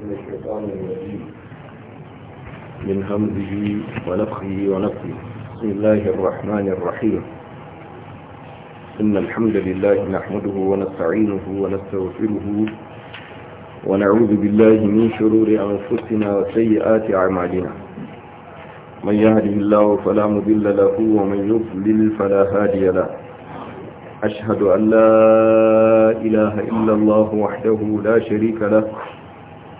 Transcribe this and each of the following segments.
من الشيطان الرجيم من همزه ونفخه ونفخه بسم الله الرحمن الرحيم إن الحمد لله نحمده ونستعينه ونستغفره ونعوذ بالله من شرور أنفسنا وسيئات أعمالنا من يهده الله فلا مضل له ومن يضلل فلا هادي له أشهد أن لا إله إلا الله وحده لا شريك له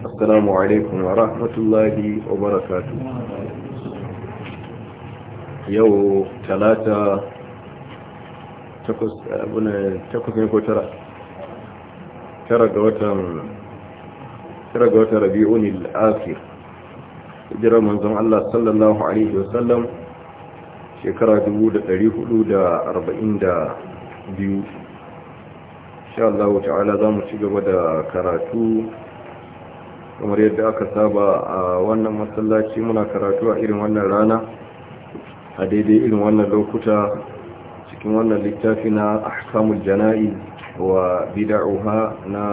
السلام عليكم ورحمة الله وبركاته يو ثلاثة تكس أبنا تكس نكو ترى ترى قوتا ترى قوتا ربيعون الآخر جرى منظم الله صلى الله عليه وسلم شكرا shekara 442 insha Allah شاء الله تعالى ci gaba دا karatu kamar yadda aka saba a wannan masallaci muna karatu a irin wannan rana a daidai irin wannan lokuta cikin wannan littafi na ahkamul jana'i wa bida'uha na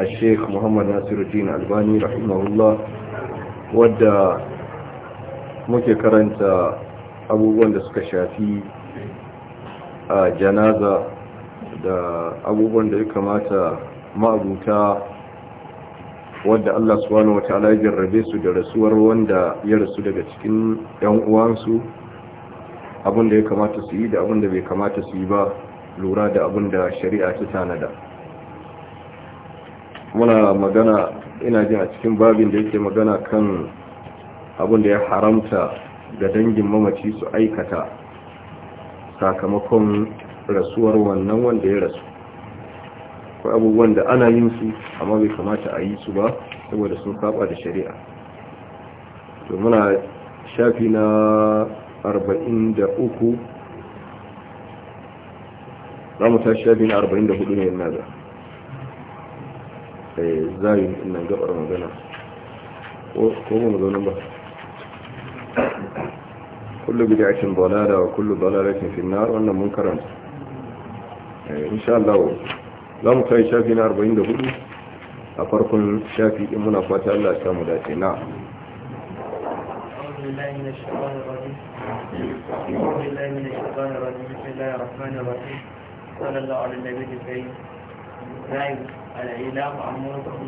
al-sheikh muhammad nasiruddin albani rahimahullah wadda muke karanta abubuwan da suka shafi a janaza da abubuwan da ya kamata ma'abuta wadda Allah subhanahu wataala ya jarrabe su da rasuwar wanda ya rasu daga cikin yan uwansu abin da ya kamata su yi da abin da bai kamata su yi ba lura da abin da shari'a ta tanada muna magana ina jin a cikin babin da yake magana kan abin da ya haramta ga dangin mamaci su aikata sakamakon rasuwar wannan wanda ya rasu akwai abubuwan da ana yin su amma bai kamata a yi su ba saboda sun kaba da shari'a to muna shafi na 43 zamu ta shafi na 44 ne yana da eh zai ina gabar magana ko ko magana ba kullu bid'atin dalala wa kullu dalalatin fi an-nar wannan mun karanta insha Allah za كان شافينا 40 ده كله a شافي ان منا فات الله Allah ya نعم بالله من الشيطان الرجيم أعوذ بالله من الشيطان الرجيم بسم الله الرحمن الرحيم صلى الله على النبي الكريم نائب الإعلام عن موته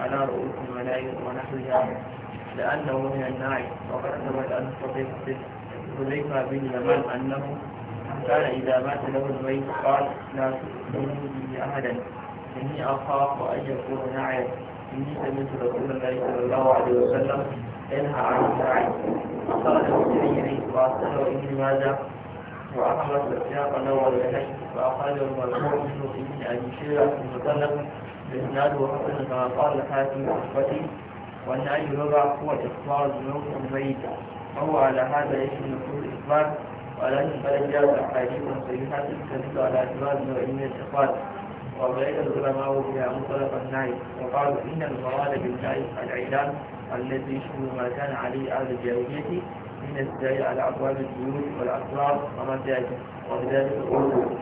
على رؤوس الملائكة ونحوها لأنه من النائب وقد ثبت أن صديق حذيفة بن يمان أنه كان إذا مات له الميت قال لا تؤمنوا به أحدا إني أخاف أن يكون نعيا إني سمعت رسول الله صلى الله عليه وسلم ينهى عن السعي قال المسلمين عليه فأسأله إني ماذا ماجه وأحمد السياق الأول إليه وأخرجه المرفوع منه إني أن يشير المطلق بإسناده وحسن كما قال الحاكم في وأن أي ربع هو إخبار الموت الميت وهو على هذا يشمل كل إخبار ولكن جاءت أحاديث صحيحة تدل على جواز نوعية الشفاعة وأولئك العلماء فيها مطلق النهي وقالوا إن المراد بالنهي الإعلام الذي يشبه ما كان عليه أهل الجاهلية من الدعي على أبواب البيوت والأسرار ومساجد وبذلك الأردن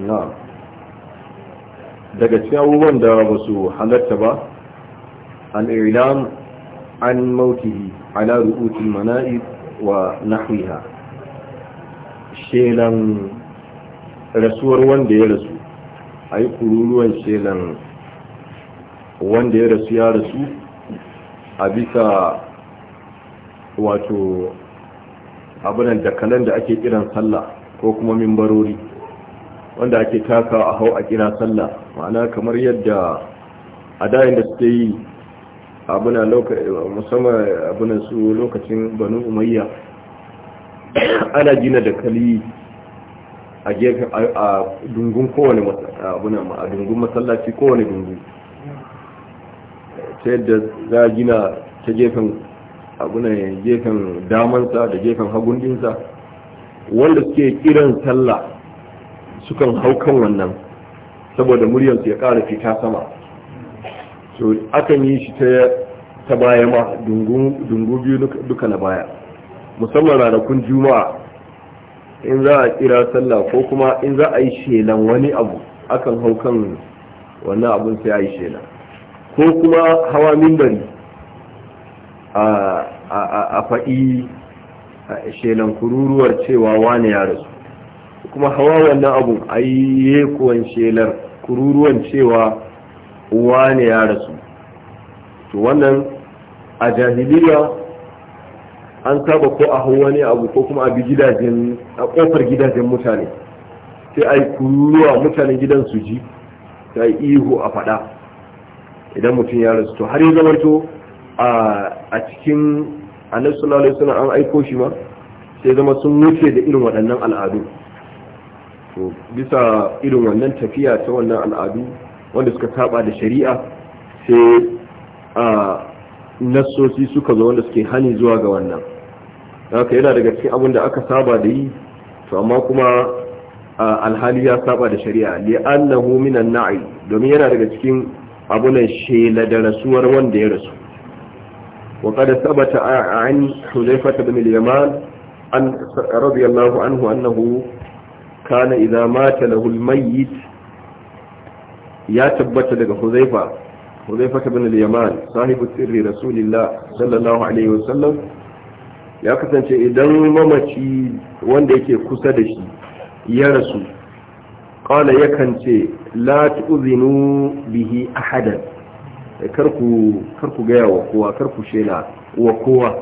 نعم daga cikin abubuwan da ba su halatta ba al'ilam an mautihi ala ru'utul mana'ib wa nahwiha shelan rasuwar wanda ya rasu a yi kururuwan shelan wanda ya rasu ya rasu a bisa wato abinan dakalan da ake kiran sallah ko kuma mimbarori wanda ake taka a hau a kira sallah ma'ana kamar yadda a dayan da suke yi abinan su lokacin banu umayya ana gina da kali a gefe a dungun kowane abuna a dungun masallaci kowane dungun ta yadda za a gina ta gefen abuna gefen damansa da gefen hagundinsa wanda suke kiran sallah sukan hau kan wannan saboda muryarsu ya ƙara fita sama so akan yi shi ta baya ma dungu biyu duka na baya musamman ranakun juma'a in za a kira sallah ko kuma in za a yi shelan wani abu akan hau kan wannan abun sai a yi shela ko kuma hawa mimbari a faɗi shelan kururuwar cewa wane ya rasu kuma hawa wannan abun a yi yekuwan shelar kururuwan cewa wane ya rasu to wannan a jahiliya an saba ko a hau wani abu ko kuma a bi gidajen a kofar gidajen mutane sai a yi kururuwa mutanen gidan su ji ta yi ihu a faɗa idan mutum ya rasu to har ya zamanto a cikin annabi sallallahu suna an aiko shi ma sai zama sun wuce da irin waɗannan al'adu to bisa irin wannan tafiya ta wannan al'adu wanda suka saba da shari'a sai a nassosi suka zo wanda suke hani zuwa ga wannan haka yana daga cikin abin da aka saba da yi to amma kuma alhali ya saba da shari'a li annahu minan na'i domin yana daga cikin abunan shela da rasuwar wanda ya rasu wa qad sabata an Hudayfa ibn al-Yaman an radiyallahu anhu annahu kana idza mata lahu al-mayyit ya tabbata daga Hudayfa Hudayfa ibn al-Yaman sahibu sirri rasulillah sallallahu alaihi sallam. ya kasance idan mamaci wanda yake kusa da shi ya rasu kala yakan ce la tu'zinu bihi ahadan eh, kar karku gaya wa kowa karku shela wa kowa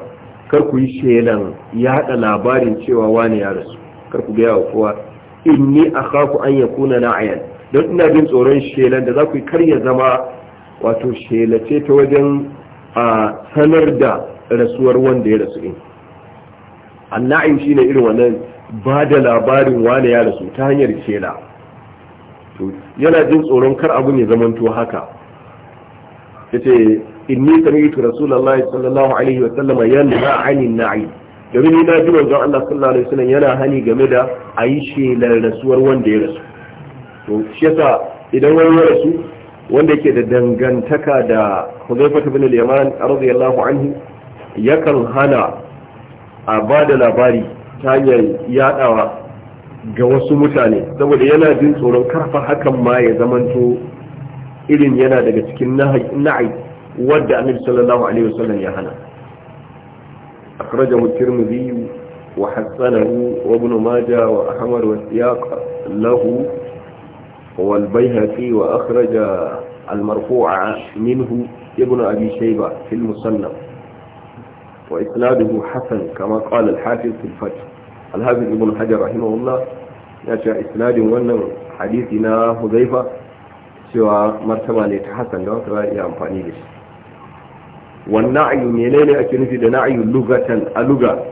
karku yi shelan haɗa labarin cewa wani ya rasu karku gaya wa kowa in a haku an ya yakuna na'yan don ina bin tsoron shelan da za ku yi karya zama wato shelace ta wajen a sanar da rasuwar wanda ya rasu in anna'im shine irin wannan ba da labarin wane ya rasu ta hanyar shela to yana jin tsoron kar abun ya zamanto haka yace inni sami'tu rasulullahi sallallahu alaihi wa sallama yanha 'anil na'im domin ni na ji manzon Allah sallallahu alaihi wasallam yana hani game da ayi shelar rasuwar wanda ya rasu to shi yasa idan wani ya rasu wanda yake da dangantaka da Hudayfa ibn al-Yaman radiyallahu anhu yakan hana a ba da labari ta hanyar yadawa ga wasu mutane saboda yana jin tsoron karfa hakan ma ya zamanto irin yana daga cikin na'i wadda annabi sallallahu alaihi wasallam ya hana akhrajahu tirmidhi wa hasanahu wa ibn majah wa ahmad wa siyaq lahu wal bayhaqi wa akhraja al marfu'a minhu ibn abi shayba fil musannaf وإسناده حسن كما قال الحافظ في الفتح الحافظ ابن حجر رحمه الله يشاء إسناد وأن حديثنا هذيفة سوى مرتبة لتحسن لو ترى إلى أمفاني لش والنعي منين أكنفي نعي لغة اللغة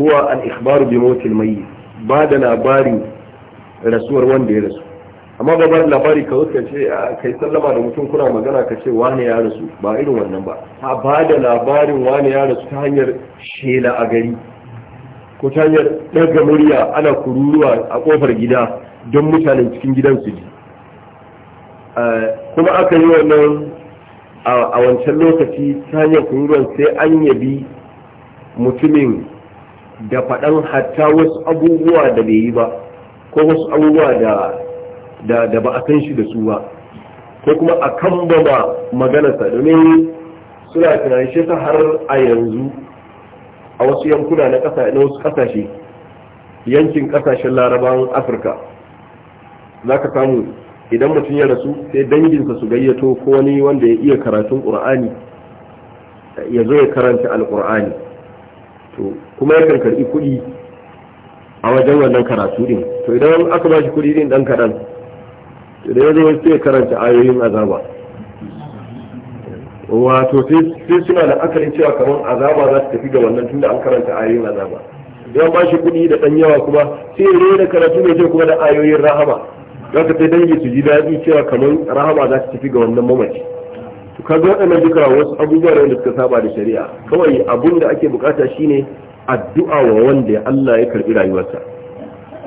هو الإخبار بموت الميت بعد نباري رسول وان دي رسول amma gabar labari ka zo ce kai sallama da mutum kuna magana ka ce wani ya rasu ba irin wannan ba a ba da labarin wani ya rasu ta hanyar shela a gari ko ta hanyar ɗaga murya ana kururuwa a kofar gida don mutanen cikin gidan su ji kuma aka yi wannan a wancan lokaci ta hanyar kururuwan sai an yabi mutumin da faɗan hatta wasu abubuwa da bai yi ba ko wasu abubuwa da da da ba a san shi da su ba ko kuma a kan ba maganarsa domin suna tunanin shi ta har a yanzu a wasu yankuna na ƙasa na wasu ƙasashe yankin ƙasashen larabawan afirka za ka samu idan mutum ya rasu sai danginsa su gayyato ko wani wanda ya iya karatun ƙur'ani ya zo ya karanta alƙur'ani to kuma yakan karɓi kuɗi a wajen wannan karatu din to idan aka ba shi kuɗi din ɗan kaɗan da ya zama sai ya karanta ayoyin azaba wato sai suna da akalin cewa kamar azaba za su tafi ga wannan tunda an karanta ayoyin azaba yan ba shi kuɗi da ɗan yawa kuma sai ya rena karatu mai kyau kuma da ayoyin rahama za ka sai dangi su ji daɗi cewa kamar rahama za su tafi ga wannan mamaci to kaga waɗannan duka wasu abubuwa da wanda suka saba da shari'a kawai abun da ake bukata shine addu'a wa wanda Allah ya karbi rayuwarsa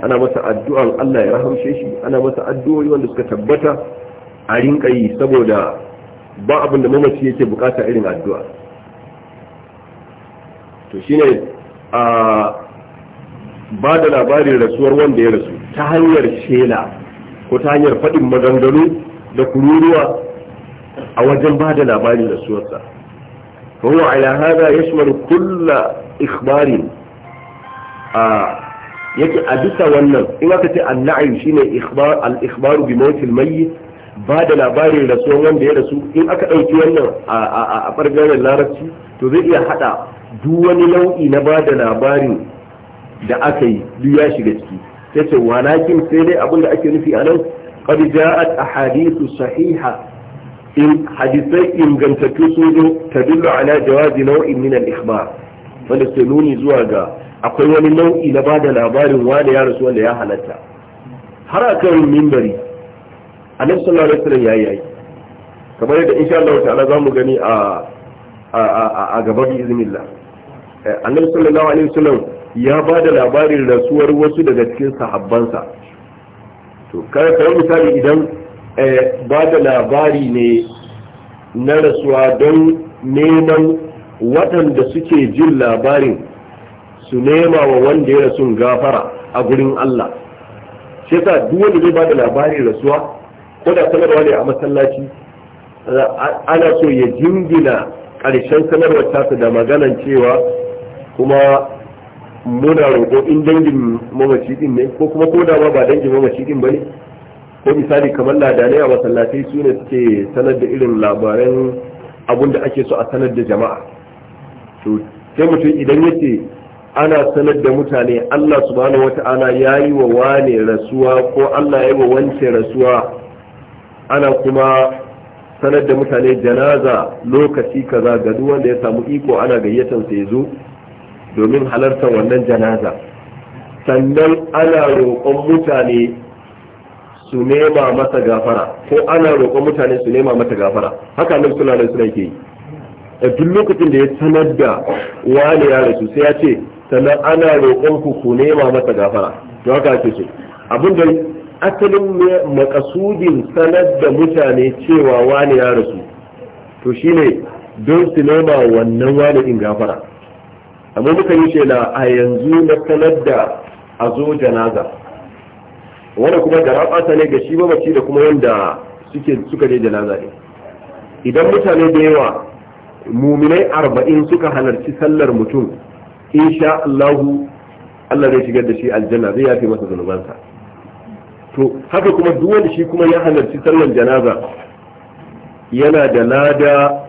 ana masa addu'an Allah ya rahamshe shi ana masa addu'o'i wanda suka tabbata a rinka yi saboda ba abin da mamaci yake bukata irin addu'a to shine a ba da labarin rasuwar wanda ya rasu ta hanyar shela ko ta hanyar faɗin maganganu da kururuwa a wajen ba da labarin rasuwarsa فهو على هذا يشمل كل إخبار آه yake a bisa wannan in aka ce annaim shine al ikhbaru bi mawt mayyit ba da labarin rasuwan wanda ya rasu in aka ɗauki wannan a ɓangaren larabci to zai iya haɗa duk wani nau'i na ba da labarin da aka yi duk ya shiga ciki sai ce walakin sai dai abin da ake nufi a nan qad ja'at ahadithu sahiha in hadisai ingantattu sun zo tadullu ala jawazi nau'in min al-ikhbar wanda ke nuni zuwa ga akwai wani nau'i na bada labarin wani ya rasu wanda ya halatta har a kan mimbari annabi sallallahu alaihi wasallam yayi yayi kamar yadda insha Allah ta'ala zamu gani a a gaba bi iznillah eh, annabi sallallahu alaihi wasallam ya bada labarin rasuwar wasu daga cikin sahabbansa to kai kai misali idan eh, ba da labari ne na rasuwa don neman waɗanda suke jin labarin su nema wa wanda ya rasu gafara a gurin Allah shi sa duk wanda zai ba da labarin rasuwa ko da sanarwa ne a masallaci ana so ya jingina ƙarshen sanarwar tasa da maganan cewa kuma muna roƙo in dangin mamaci din ne ko kuma ko da ma ba dangin mamaci din ne? ko misali kamar ladanai a masallatai su ne suke sanar da irin labaran abin da ake so a sanar da jama'a to sai mutum idan yace ana sanar da mutane Allah subhanahu ta'ala ya yi wa wane rasuwa ko Allah ya yi wa wance rasuwa ana kuma sanar da mutane janaza lokaci kaza ga duk wanda ya samu iko ana gayyatar sa zo domin halartar wannan janaza sannan ana roƙon mutane su nema masa gafara ko ana roƙon mutane su nema masa gafara haka nan suna nan suna ke yi a duk lokacin da ya sanar da wane ya rasu sai ya ce sannan ana roƙon ku ku nema masa gafara to haka ake ce, abin da asalin makasudin sanar da mutane cewa wani ya rasu to shine don su nema wannan wani in gafara amma muka yi shela a yanzu na sanar da a zo janaza wanda kuma da ne ga shi mamaci da kuma yanda suke suka je janaza ne idan mutane da yawa muminai arba'in suka halarci sallar mutum sha Allah Allah zai shigar da shi aljanna zai yafe masa zunubansa to haka kuma duk wanda shi kuma ya halarci sallar janaza yana da lada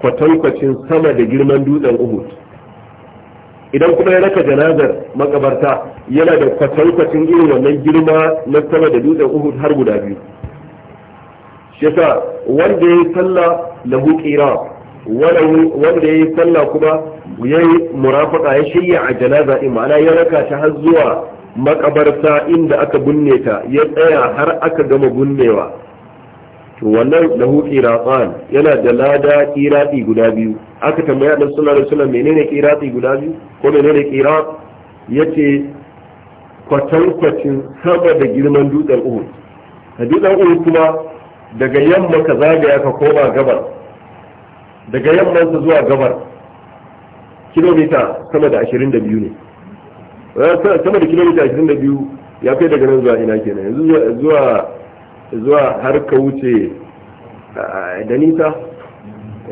kwatankwacin sama da girman dutsen Uhud idan kuma ya raka janazar makabarta yana da kwatankwacin irin wannan girma na sama da dutsen Uhud har guda biyu shi wanda ya yi sallah lahu qira wanda ya yi sallah kuma ya yi ya shirya a janaza in ma'ana ya raka ta har zuwa makabarta inda aka binne ta ya tsaya har aka gama binnewa to wannan lahu qiratan yana da lada qirati guda biyu aka tambaya dan sallallahu alaihi menene qirati guda biyu ko menene qirat yace kwatin sama da girman dutsen Uhud a dutsen Uhud kuma daga yamma ka zagaya ka koma gabar daga yamma zuwa gabar kilomita sama da ashirin da biyu ne eh, sama da kilomita biyu ya kai daga nan zuwa ina kenan yanzu zuwa zuwa har ka wuce da nisa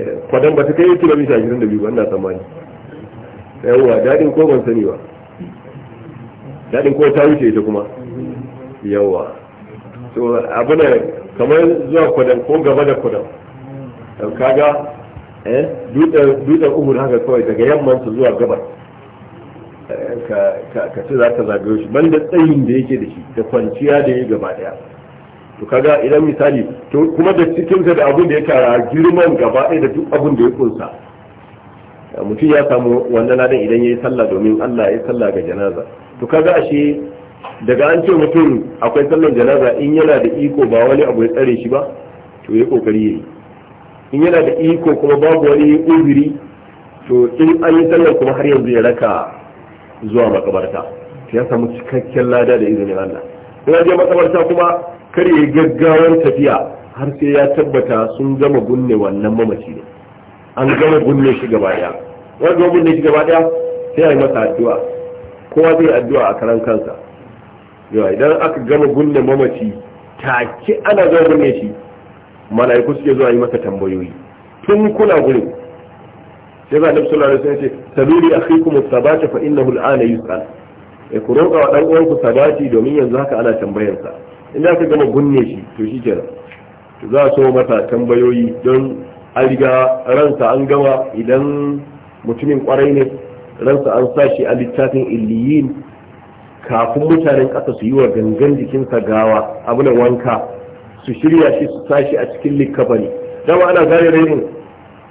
eh, kwadan ba ta kai kilomita biyu ba ina tsammani yawwa daɗin ko ban sani ba daɗin ko ta wuce ita kuma yawwa to abu ne kamar zuwa kwadan ko gaba da kwadan kaga Eh? dutsen umar haka kawai daga yamman su zuwa gabar eh, ka ce za ka zagayo shi banda tsayin da yake da shi da kwanciya da ya gaba daya to kaga idan misali to kuma da cikin da abun da ya tara girman gaba ɗaya da duk abun da ya kunsa eh, mutum ya samu wanda na ladan idan ya yi sallah domin Allah ya sallah ga janaza to kaga ashe daga an ce mutum akwai sallar janaza in yana da iko ba wani abu ya tsare shi ba to ya kokari yayi in yana da iko kuma babu wani uzuri to in an yi sallar kuma har yanzu ya raka zuwa makabarta ya samu cikakken lada da izinin Allah in je makabarta kuma kar ya gaggawar tafiya har sai ya tabbata sun gama gunne wannan mamaci ne an gama gunne shi gaba daya wani gama gunne shi gaba daya sai a yi masa addu'a kowa zai addu'a a karan kansa yawa idan aka gama gunne mamaci take ana gama gunne shi mala'iku suke zuwa yi maka tambayoyi tun kuna gurin sai ga annabi sallallahu alaihi wasallam ce sabili akhikum sabata fa innahu al'ana yus'al e ku roƙa wa dan uwanku sabati domin yanzu haka ana tambayar sa in aka gama gunne shi to shi kenan to za so mata tambayoyi don a riga ransa an gama idan mutumin kwarai ne ransa an sa shi a littafin illiyin kafin mutanen ƙasa su yi wa gangan jikinsa gawa abu da wanka su shirya shi su sashi a cikin likafani dama ana gane rainin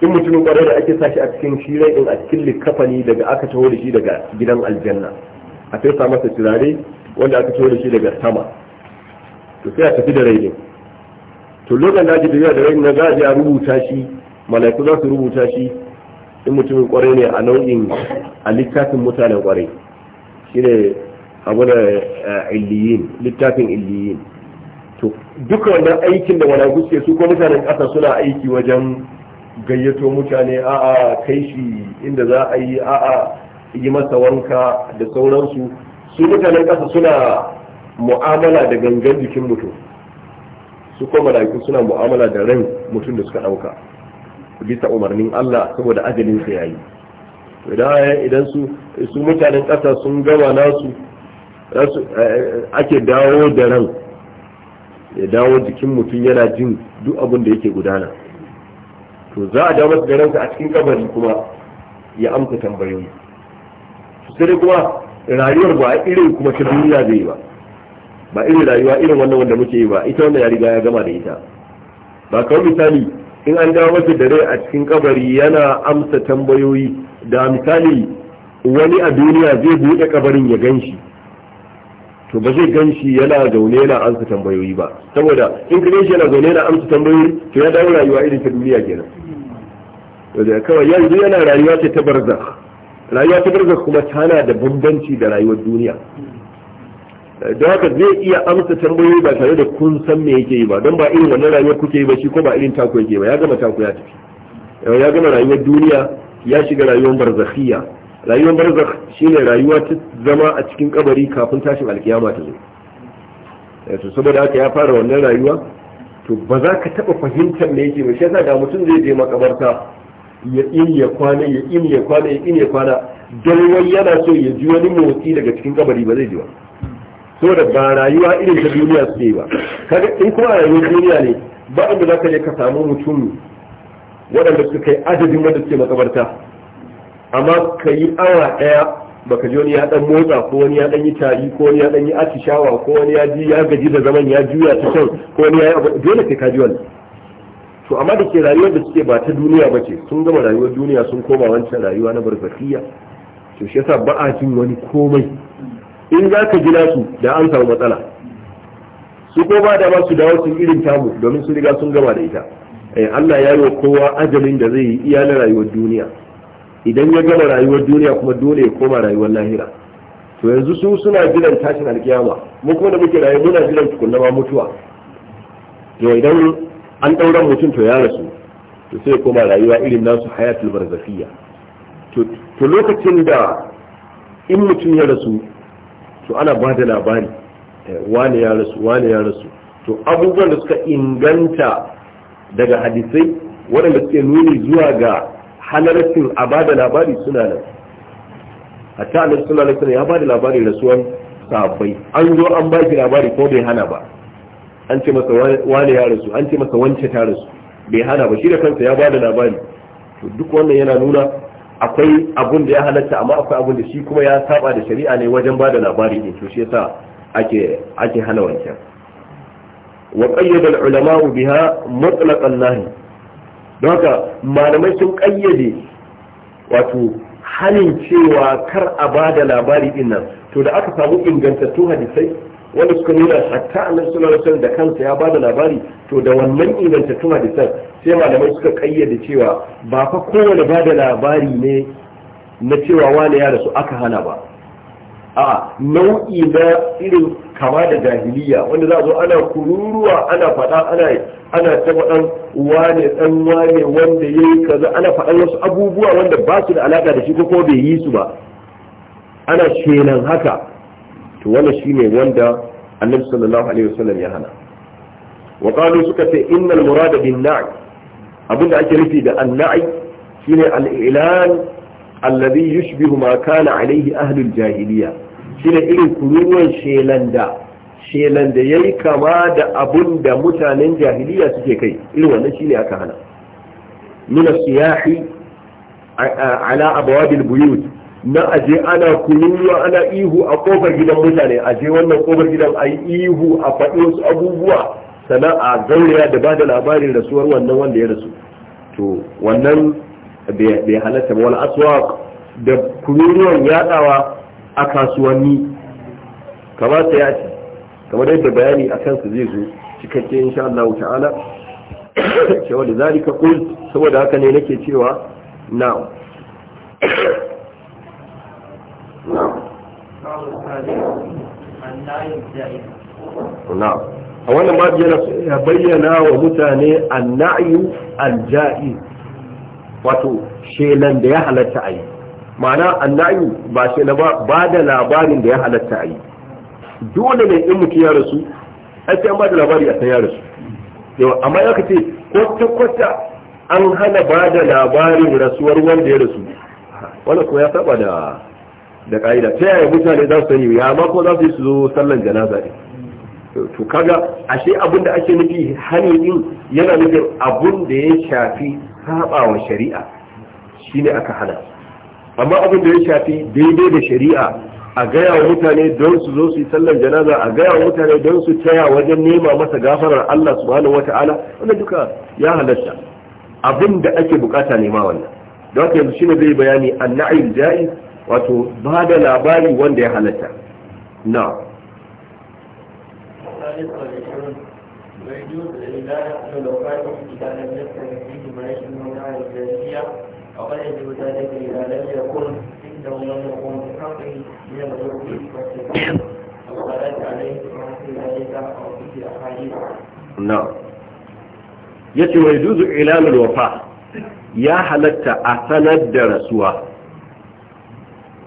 in mutumin kwarai da ake sashi a cikin shi rainin a cikin likafani daga aka taho da shi daga gidan aljanna a fesa masa turare wanda aka taho da shi daga sama to sai a tafi da rainin to lokacin da ake tafiya da rainin na za a rubuta shi malaiku za su rubuta shi in mutumin kwarai ne a nau'in a littafin mutanen kwarai shine abu da eh, illiyin littafin illiyin to duka wannan aikin da walagu suke su ko mutanen ƙasa suna aiki wajen gayyato mutane a kai shi inda za a yi a yi masa wanka da sauransu su mutanen ƙasa suna mu'amala da gangan jikin mutum su ko mala'iku suna mu'amala da ran mutum da suka ɗauka bisa umarnin Allah saboda sa yayi idan su su mutanen ƙasa sun gama nasu eh, ake dawo da ran ya dawo jikin mutum yana jin duk abin da yake gudana to za a dawo da ransa a cikin kabari kuma ya amsa tambayoyi Su sai kuma rayuwar ba irin kuma ta duniya zai ba ba irin rayuwa irin wannan wanda muke yi ba ita wanda ya riga ya gama da ita ba kawai misali in an dawo masa da rai a cikin kabari yana amsa tambayoyi da misali wani a duniya zai buɗe kabarin ya gan shi to ba zai gan shi yana zaune yana amsa tambayoyi ba saboda in ka shi yana zaune yana amsa tambayoyi to ya dawo rayuwa irin ta duniya kenan to da kawai yanzu yana rayuwa ce ta barzakh rayuwa ta barzakh kuma tana da bambanci da rayuwar duniya da haka zai iya amsa tambayoyi ba tare da kun san me yake yi ba don ba irin wannan rayuwar kuke yi ba shi ko ba irin taku yake ba ya gama taku ya tafi ya gama rayuwar duniya ya shiga rayuwar barzakhiyya rayuwar barzakh shine rayuwa ta zama a cikin kabari kafin tashin alkiyama ta zo eh, to saboda haka ya fara wannan rayuwa to ba za ka taba fahimtar me yake ba shi yasa da mutum zai je makabarta ya in ya kwana ya in ya kwana ya in ya kwana don wai yana so ya ji wani motsi daga cikin kabari ba zai ji ba saboda ba rayuwa irin ta duniya su ba kaga in kuma rayuwar duniya ne ba inda za ka je ka samu mutum waɗanda suka kai adadin wanda suke makabarta amma ka yi awa ɗaya baka ji wani ya dan motsa ko wani ya dan yi tari ko wani ya dan yi atishawa ko wani ya ji ya gaji da zaman ya juya ta can ko wani ya yi abu. dole sai ka ji wani. to amma da ke rayuwar da suke ba ta duniya ba ce sun gama rayuwar duniya sun koma wancan rayuwa na barzakiya to shi yasa ba a jin wani komai in za ka gina su da an samu matsala su ko ba da ba su dawo su irin tamu domin su riga sun gama da ita eh, Allah ya yi wa kowa ajalin da zai yi iya na rayuwar duniya idan ya gama rayuwar duniya kuma dole ya koma rayuwar lahira to yanzu su suna jiran tashin alkiyama mu kuma da muke rayu muna jiran tukunna mutuwa to idan an ɗaura mutum to ya rasu to sai koma rayuwa irin nasu hayatul barzafiya to lokacin da in mutum ya rasu to ana ba da labari eh, wane ya rasu wane ya rasu to abubuwan da suka inganta daga hadisai waɗanda suke nuni zuwa ga halarcin a ba da labari suna nan a ta suna nan suna ya ba da labari rasuwan sahabbai an zo an ba shi labari ko bai hana ba an ce masa wane ya rasu an ce masa wance ta rasu bai hana ba shi da kansa ya ba da labari to duk wannan yana nuna akwai abun da ya halatta amma akwai abun da shi kuma ya saba da shari'a ne wajen ba da labari ne to shi yasa ake ake hana wancan wa qayyada al-ulama biha mutlaqan nahi don haka malamai sun kayyade wato halin cewa kar a ba da labari din nan to da aka samu ingantattun hadisai wanda suka nuna hatta a nan suna da kansa ya ba da labari to da wannan ingantattun hadisan sai malamai suka kayyade cewa ba fa kowane da labari ne na cewa wani ya rasu aka hana ba a nau'i na irin kama da jahiliya wanda za a zo ana kururuwa ana faɗa ana ana ta faɗan wane ɗan wane wanda ya yi kaza ana faɗan wasu abubuwa wanda ba su da alaƙa da shi ko bai yi su ba ana shenan haka to wannan ne wanda annabi sallallahu alaihi wasallam ya hana wa qalu suka ce innal murada bin na'i abinda ake nufi da anna'i shine al-i'lan alladhi yushbihu ma kana alaihi ahlul jahiliya shi ne irin kuruwan shelanda shelanda ya yi kama da abun da mutanen jahiliya suke kai irin wannan shi ne aka hana nuna siyahi ala abawadil buyut na aje ana kuruwa ana ihu a kofar gidan mutane aje wannan kofar gidan a ihu a faɗi wasu abubuwa sana'a gauraya da ba da labarin rasuwar wannan wanda ya rasu to wannan bai halatta ba wani aswaq da kururuwan yadawa a kasuwanni kamata ya ce kamar yadda bayani a kansu zai zo cikakke insha Allah ta'ala cewa da zalika kul saboda haka ne nake cewa na. a wannan babu yana bayyana wa mutane annayu alja'i wato shelan da ya halatta a yi ma'ana annayi ba shi na ba da labarin da ya halatta a yi dole ne in mutum ya rasu a an ba da labari a san ya rasu yawa amma ya ce kwata-kwata an hana ba da labarin rasuwar wanda ya rasu wanda kuma ya saba da da ka'ida ta yaya mutane za su sani ya ma ko za su yi su zo sallan janaza ne to kaga ashe abin da ake nufi hani din yana nufin abin da ya shafi saba shari'a shine aka hana amma abin da ya shafi daidai da shari'a a gaya wa mutane don su zo su yi sallar janaza a gaya wa mutane don su taya wajen nema masa gafarar Allah subhanahu wata'ala wannan duka ya halatta abin da ake bukata nema wannan don haka yanzu shine zai bayani anna'il ja'i wato ba da labari wanda ya halatta na ويجوز الإبادة على الأوقات التي كانت يستمر فيهما يشمل على الجاهلية يجب ذلك لم يكن عنده من يقوم بحقه من عليه في ذلك في نعم yace wa juzu ilamul wafa ya halatta a sanar da rasuwa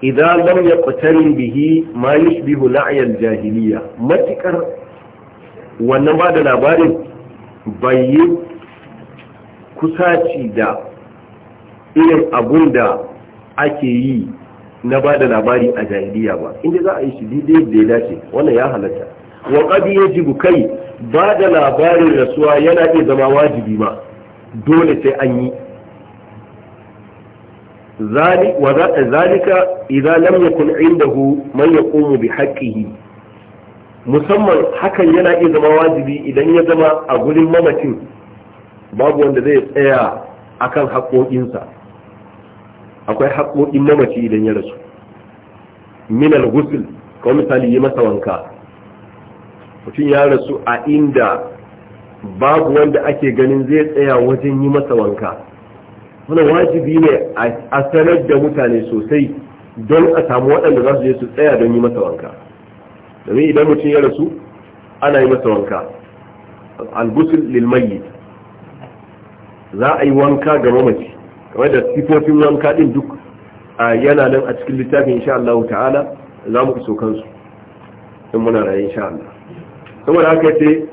idan lam yaqtarin bihi ma yushbihu la'yal jahiliya matikar wannan ba da labarin bai kusaci da irin abun da ake yi na ba da labari a jahiliya ba inda za a yi shi daidai da ya dace wannan ya halatta wa qad yajibu kai ba da labarin rasuwa yana iya zama wajibi ma dole sai an yi zalika idan lam yakun indahu man yaqumu bi haqqihi musamman hakan yana iya zama wajibi idan ya zama a gurin mamacin babu wanda zai tsaya akan haƙoƙinsa akwai haƙoƙin mamaci idan ya rasu minal gusul kawai misali yi masa wanka mutum ya rasu a inda babu wanda ake ganin zai tsaya wajen yi masa wanka wannan wajibi ne a sanar da mutane sosai don a samu waɗanda za su je su tsaya don yi masa wanka domin idan mutum ya rasu ana yi masa wanka al-gusul lil mayyit za a yi wanka ga mamaci kamar da sifofin wanka din duk yana nan a cikin littafin insha Allah ta'ala za mu iso kansu in muna raye insha Allah da haka ce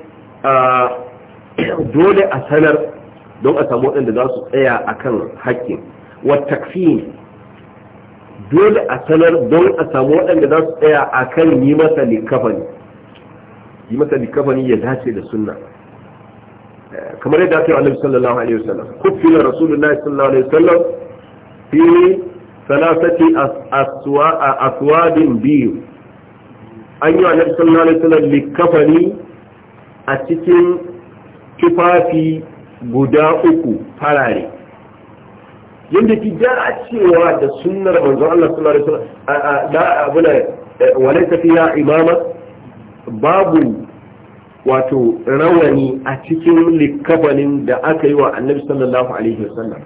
dole a sanar don a samu waɗanda za su tsaya akan haƙƙin wa takfin dole a sanar don a samu waɗanda za su tsaya akan yi masa likafani yi masa likafani ya dace da sunna kamar yadda aka yi annabi sallallahu alaihi wasallam kuffila rasulullahi sallallahu alaihi wasallam fi salasati aswa aswadin biyu an yi annabi sallallahu alaihi wasallam likafani a cikin tufafi guda uku farare yadda ki ja cewa da sunnar manzon Allah sallallahu alaihi wasallam da abuna eh, walaysa fiha imama babu wato rawani a cikin likafanin da aka yi wa annabi sallallahu alaihi wasallam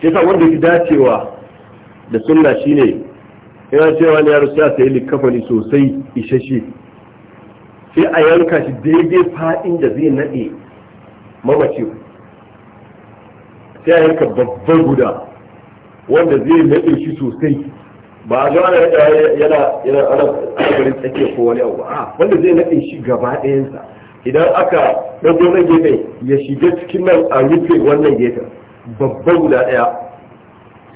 shi wanda ya dacewa da sunna shine ina cewa ne ya sai ya sayi likafani sosai isasshe sai a yanka shi daidai fa'in da zai naɗe mamaci sai a yanka babban guda wanda zai nade shi sosai ba zama da yana yana ana garin tsakiya ko wani abu ba ah, wanda zai naɗe shi gaba ɗayansa idan aka ɗauko nan gefe ya shiga cikin nan a rufe wannan gefen babban guda ɗaya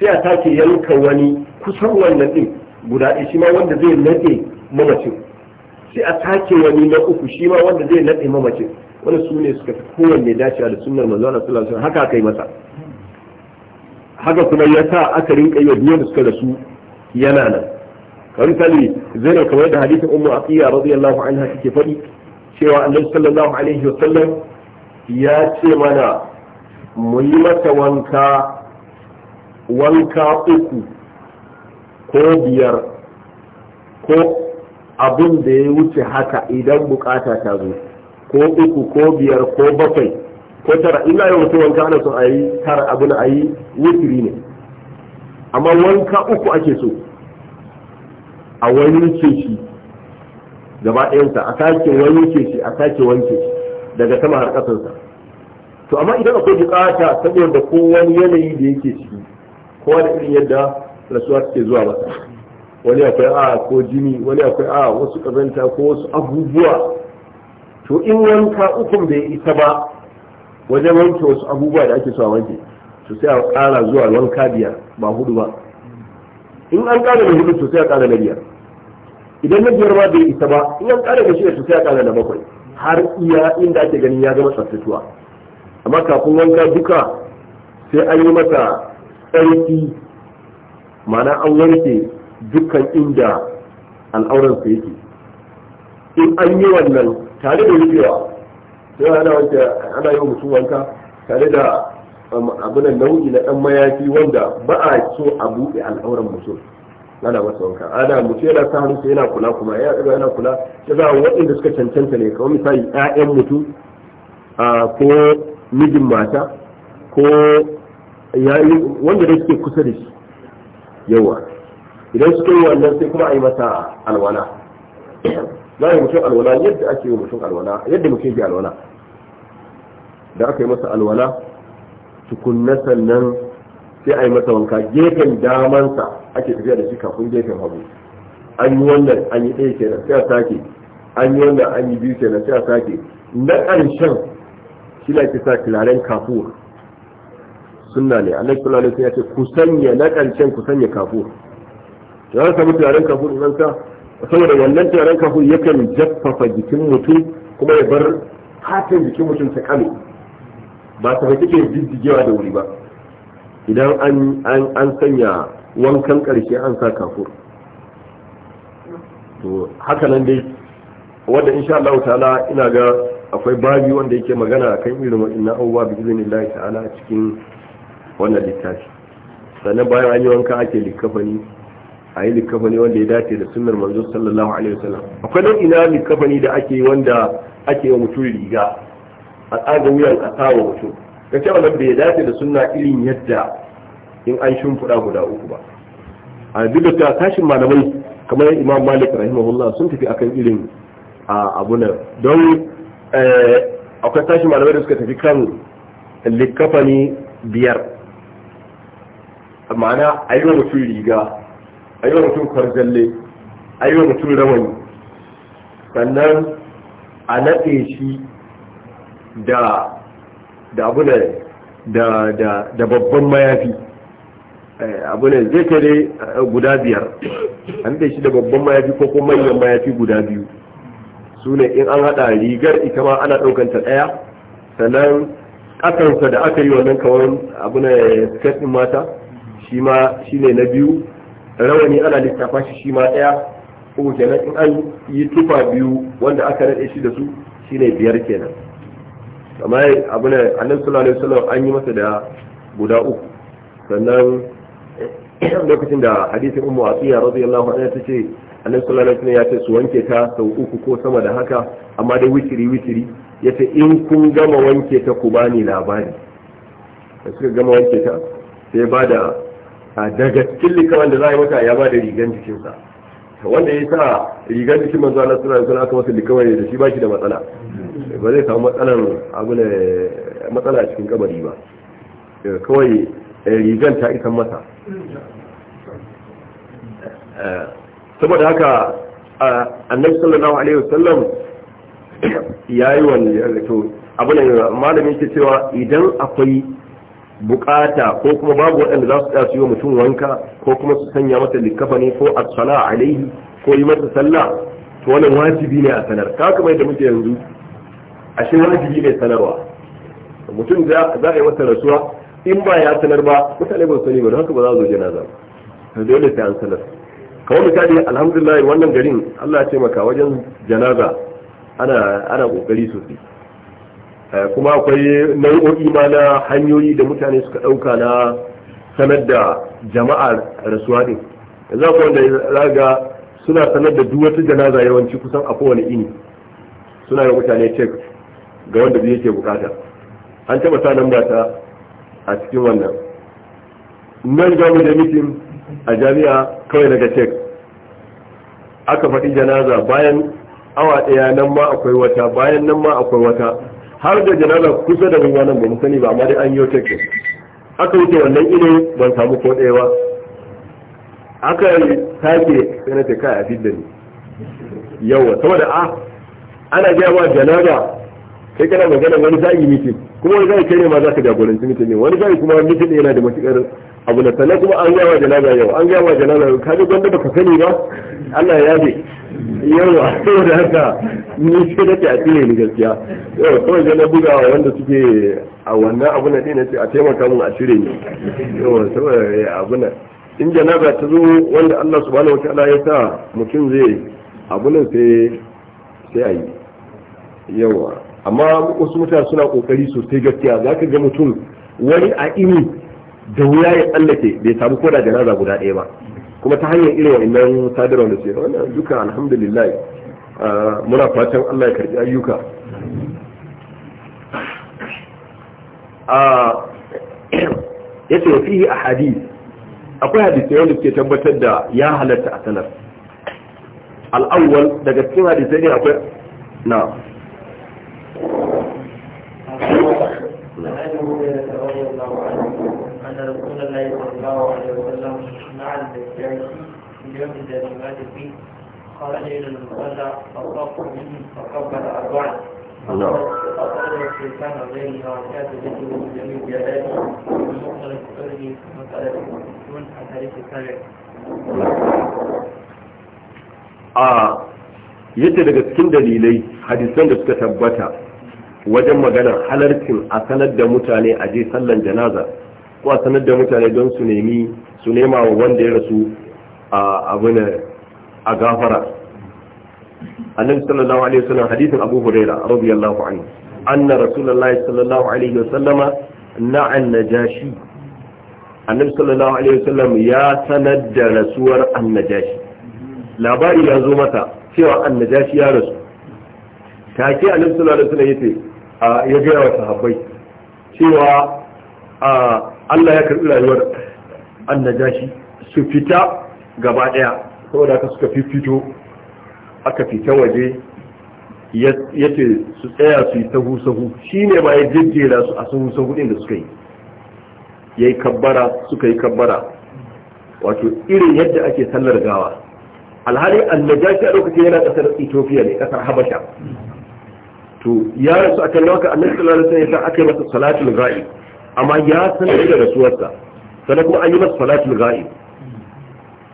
sai a take yanka wani kusan wannan ɗin guda ɗaya shi ma wanda zai naɗe mamacin sai a take wani na uku shi ma wanda zai naɗe mamacin wani su ne suka fi kowanne dacewa da sunnar manzo Allah sallallahu alaihi wasallam haka kai masa haka kuma ya sa aka rinka yi wa da suka rasu yana nan kamar misali zainab kamar da hadisin a aqiya radiyallahu anha take faɗi cewa annabi sallallahu alaihi wa sallam ya ce mana mu yi mata wanka wanka uku ko biyar ko abin da ya wuce haka idan bukata ta zo ko uku ko biyar ko bakwai ko tara ina yau wata wanka ana son a yi tara abin a yi wutiri ne amma wanka uku ake so a wanke shi gaba ɗayansa a sake wanke shi a sake wanke shi daga sama har ƙasarsa to amma idan akwai bukata saboda ko wani yanayi da yake ciki kowa da irin yadda rasuwa suke zuwa masa wani akwai a ko jini wani akwai a wasu ƙazanta ko wasu abubuwa to in wanka ukun bai isa ba wajen wanke wasu abubuwa da ake so a wanke to sai a ƙara zuwa wanka biyar ba hudu ba in an ƙara da hudu to sai a ƙara na biyar idan na biyar ba bai isa ba in an ƙara da shida to sai a ƙara da bakwai har iya inda ake ganin ya zama tsaftatuwa amma kafin wanka duka sai an yi mata tsarki ma'ana an wanke dukkan inda al'auransa yake in an yi wannan tare da rufewa sai ana yi wa mutum wanka tare da nan nau'i na dan mayafi wanda ba a so a buɗe al'auran mutum ana masa wanka ana mutum yana sa hannu sai yana kula kuma ya ɗaga yana kula Ta za waɗanda suka cancanta ne kamar misali ƴaƴan mutum ko mijin mata ko yayi wanda da suke kusa da shi yawa idan suka yi wannan sai kuma a yi masa alwala za a yi mutum alwala yadda ake yi mutum alwala yadda mutum ke alwala da aka yi masa alwala tukunna sannan sai a yi masa wanka gefen damansa ake tafiya da shi kafin gefen hagu an yi wannan an yi ɗaya kenan sai a sake an yi wannan an yi biyu kenan sai a sake na ƙarshen shi na kisa kilaren kafur sunna ne Allah sallallahu alaihi ya ce ku sanya na ƙarshen ku sanya kafur ya an samu turaren kafur in sa saboda wannan turaren kafur yakan jaffafa jikin mutum kuma ya bar hatin jikin mutum ta kame ba ta take jijjigewa da wuri ba idan an sanya wankan karshe an sa kafur to haka nan dai wadda insha Allah ta'ala ina ga akwai babi wanda yake magana kan irin na abubuwa bi iznillahi ta'ala a cikin wannan littafi sannan bayan an yi wanka ake likafani a yi likafani wanda ya dace da sunnar manzo sallallahu alaihi wasallam akwai nan ina likafani da ake wanda ake wa mutum riga a tsaga wuyan a sawa mutum ka ce wannan bai dace da sunna irin yadda in an shimfiɗa guda uku ba a duk da tashin malamai kamar imam malik rahimahullah sun tafi akan irin a abuna don eh, akwai tashin malamai da suka tafi kan likafani biyar ma'ana a yi wa mutum riga a yi wa mutum kwarzalle a yi wa mutum rawani sannan a naɗe shi da da abu da da da babban mayafi eh, abu ne zai tare eh, guda biyar an da shi da babban mayafi ko kuma manyan mayafi guda biyu su ne in an hada rigar ita ma ana ɗaukanta ɗaya sannan ƙasansa da aka yi wannan kawai abu ne din mata shi ma shi ne na biyu rawani ana lissafa shi shi ma ɗaya ko kenan in an yi tufa biyu wanda aka naɗe shi da su shine biyar kenan kamar abin annabi sallallahu alaihi wasallam an yi masa da guda uku sannan lokacin da hadisin ummu asiya radiyallahu anha tace annabi sallallahu alaihi wasallam ya ce su wanke ta sau uku ko sama da haka amma dai witiri ya ce in kun gama wanke ta ku bani labari da suka gama wanke ta sai ba da daga cikin likaman da za a yi mata ya ba da rigan jikinsa wanda ya sa rigar jikin manzo Allah sallallahu alaihi wasallam aka masa likawai da shi ba shi da matsala ba zai samu matsalan abu ne matsala a cikin kabari ba eh, kawai eh, rigar ta isan masa eh, saboda haka annabi sallallahu alaihi wasallam yayi wannan to abu ne malamin ke cewa idan akwai bukata ko kuma babu waɗanda za su tsaya su yi mutum wanka ko kuma su sanya masa likafani ko as-sala alaihi ko yi masa sallah to wannan wajibi ne a sanar ka kamar da muke yanzu a shi wajibi ne sanarwa mutum za a yi mata rasuwa in ba ya sanar ba mutane ba su sani ba don haka ba za su zo janaza ba dole sai an sanar kawai misali alhamdulillah wannan garin Allah ya taimaka wajen janaza ana ana kokari sosai Eh, kuma akwai nau'o'i ma na hanyoyi da mutane suka ɗauka na sanar da jama'a rasuwa ɗin yanzu akwai wanda ga suna sanar da duk wata janaza yawanci kusan a kowane ini suna yi mutane cek ga wanda zai ke bukata an taɓa sa nan ta a cikin wannan nan ga mu da mitin a jami'a kawai daga cek aka faɗi janaza bayan awa ɗaya nan ma akwai wata bayan nan ma akwai wata har da janaba kusa da ruwa nan bamu sani ba amma dai an yi ke aka wuce wannan ido ban samu ko ɗaya ba aka take sai na ta kai a fidda ni yawa saboda a ah, ana gaya wa janaba kai kana magana wani zai mitin kuma wani zai kai ne ma za ka jagoranci mitin ne wani zai kuma mitin yana da matuƙar abu na sannan kuma an gaya wa janaba yau an gaya wa janaba yau kaga gwanda ka sani ba Allah ya yafe. yawa da haka ni sai nake a tsire ni gaskiya yawa kawai zai na buga wanda suke a wannan abu na nan ce a taimaka mun a tsire ni yawa saboda eh, abu na, in janaba ta zo wanda Allah subhanahu wataala ya sa mutum zai abun nan sai sai yi. yawa amma wasu mutane suna kokari sosai gaskiya ka ga mutum wani a ini da wuya ya tsallake bai samu koda janaza guda ɗaya ba kuma ta hanyar irin wannan sadarwa da ce wannan duka alhamdulillah muna fatan Allah ya karbi ayyuka ya ce fihi a hadis akwai hadisai wanda ke tabbatar da ya halatta a sanar al'awwal daga cikin hadisai ne akwai na na أن رسول الله صلى الله عليه وسلم مع فيه خرج إلى المصلى منه فقبل فقال الشيطان وكاد ومقبل مسألة السابع a yadda daga cikin dalilai hadisan da suka tabbata wajen maganar halarcin a sanar da mutane a je sallan janaza ko a sanar da mutane don su nemi su nema wa wanda ya rasu a abin a gafara annabi sallallahu alaihi wasallam hadithin abu huraira Yallahu anhu anna Rasulallah sallallahu alaihi wasallama na'an najashi annabi sallallahu alaihi wasallam ya sanar da rasuwar Najashi. labari ya zo mata cewa Najashi ya rasu take annabi sallallahu alaihi wasallam yace ya gaya wa sahabbai cewa Allah ya karbi rayuwar annajashi su fita gaba daya saboda aka suka fito aka fita waje ya ce su tsaya su yi sahu-sahu shi ne ba ya jejjera su a sahu-sahu ɗin da suka yi ya yi kabbara suka yi kabbara wato irin yadda ake sallar gawa alhali annajashi a lokacin yana ƙasar ethiopia ne ƙasar habasha to ya rasu kallon ka annan salatu ya ta aka yi masa salatul ra'i. amma ya san da rasuwarsa sannan kuma an yi masa salatul ghaib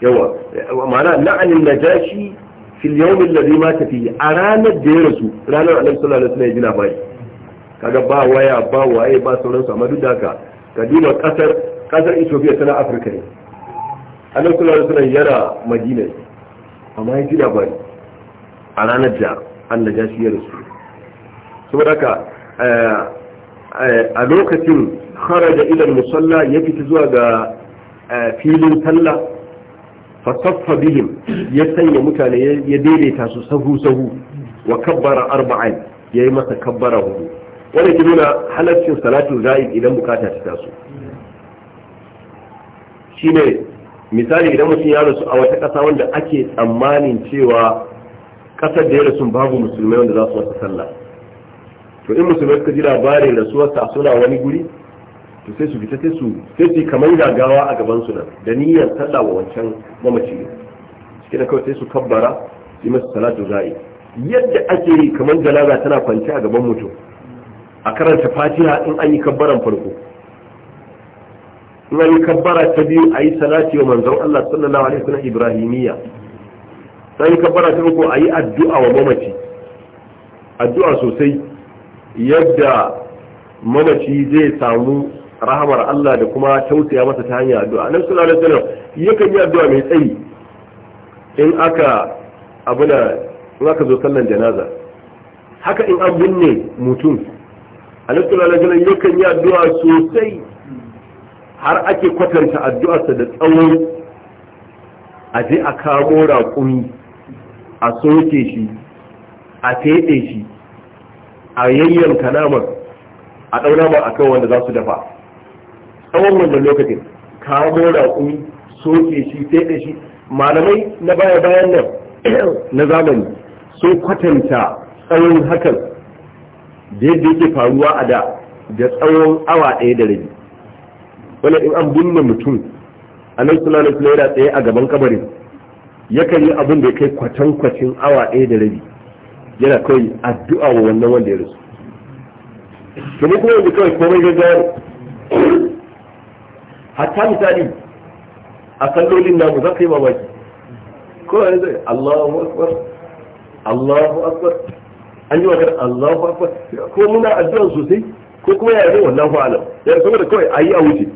yawa ma'ana la'anin najashi fil yawm alladhi mata fihi a ranar da ya rasu ranar annabi sallallahu alaihi wasallam ya ji labari kaga ba waya ba waye ba sauransu amma duk da haka ka duba kasar kasar Ethiopia tana Afirka ne annabi sallallahu alaihi wasallam yara Madina amma ya ji labari a ranar da annabi ya rasu saboda haka eh, eh, a lokacin kharaja ila musalla ya fita zuwa ga eh, filin sallah fasaffa bihim ya sanya mutane ya daidaita su sahu sahu wa kabbara arba'in yayi masa kabbara hudu wanda ke nuna halaccin salatu za'id idan bukata ta taso shine misali idan mutum ya rasu a wata ƙasa wanda ake tsammanin cewa ƙasar da ya rasu babu musulmai wanda za su wata sallah to in musulmai suka ji labarin rasuwarsa a suna wani guri to sai su fita sai su sai su kamar gagawa a gaban su nan da niyyar sallah wa wancan mamaci shi da kawai sai su kabbara su masa salatu za'i yadda ake yi kamar jalaza tana kwanci a gaban mutum a karanta fatiha in an yi kabbaran farko in an yi kabbara ta biyu a yi salati wa manzon Allah sallallahu alaihi wasallam ibrahimiyya sai yi kabbara ta uku a yi addu'a wa mamaci addu'a sosai yadda mamaci zai samu rahamar Allah da kuma tausaya masa ta hanyar addu'a nan suna da sanar yakan yi addu'a mai tsayi in aka abuna in aka zo sallan janaza haka in an binne mutum a nan suna yakan yi addu'a sosai har ake kwatanta addu'arsa da tsawo a je a kamo raƙumi a soke shi a teɗe shi a yayyanka naman a ɗaura ba a kan wanda za su dafa tsawon wannan lokacin kamo raƙumi soke shi sai da shi malamai na baya bayan nan na zamani sun kwatanta tsawon hakan da yadda yake faruwa a da da tsawon awa ɗaya da rabi wani in an binne mutum a nan suna na suna yana tsaye a gaban kabarin yakan yi abin da ya kai kwatankwacin awa ɗaya da rabi yana kawai addu'a wa wannan wanda ya rasu kuma kuma yanzu kawai komai gaggawa hatta misali a sallolin namu za ka yi mamaki ko wani zai Allahu akbar Allahu akbar an yi magana Allahu akbar ko muna addu'a sosai ko kuma ya yi wannan fa'alar ya saboda kawai ayi a wuce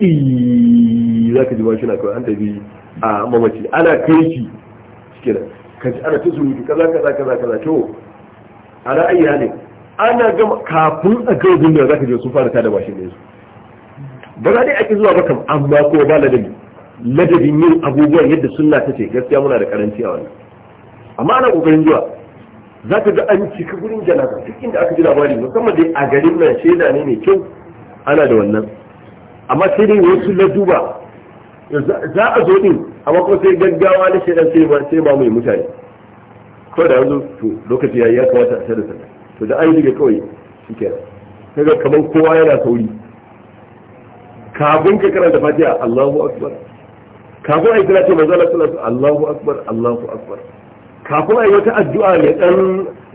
i za ka ji wasu na kawai an tafi a mamaci ana kai shi shikenan ka ji ana ta surutu kaza kaza kaza kaza to ala ayyi ne ana gama kafin a kawai duniya za ka ji sun fara tada bashin ne su ba za dai ƙi zuwa ba kam amma ko ba ladabi ladabin yin abubuwan yadda sunna ta ce gaskiya muna da karanci a wannan amma ana kokarin zuwa za ka ga an cika gurin janaza duk inda aka ji labari musamman dai a garin nan shaida ne mai kyau ana da wannan amma sai dai wasu laduba za a zo din amma kuma sai gaggawa na shaidan sai ba sai ba mai mutane ko da yanzu to lokaci yayi ya kamata a tsare to da an yi kawai shikenan kaga kamar kowa yana sauri kafin ka karanta fatiha Allahu akbar kafin a kira ce manzo Allah sallallahu Allahu akbar Allahu akbar kafin a yi wata addu'a ne dan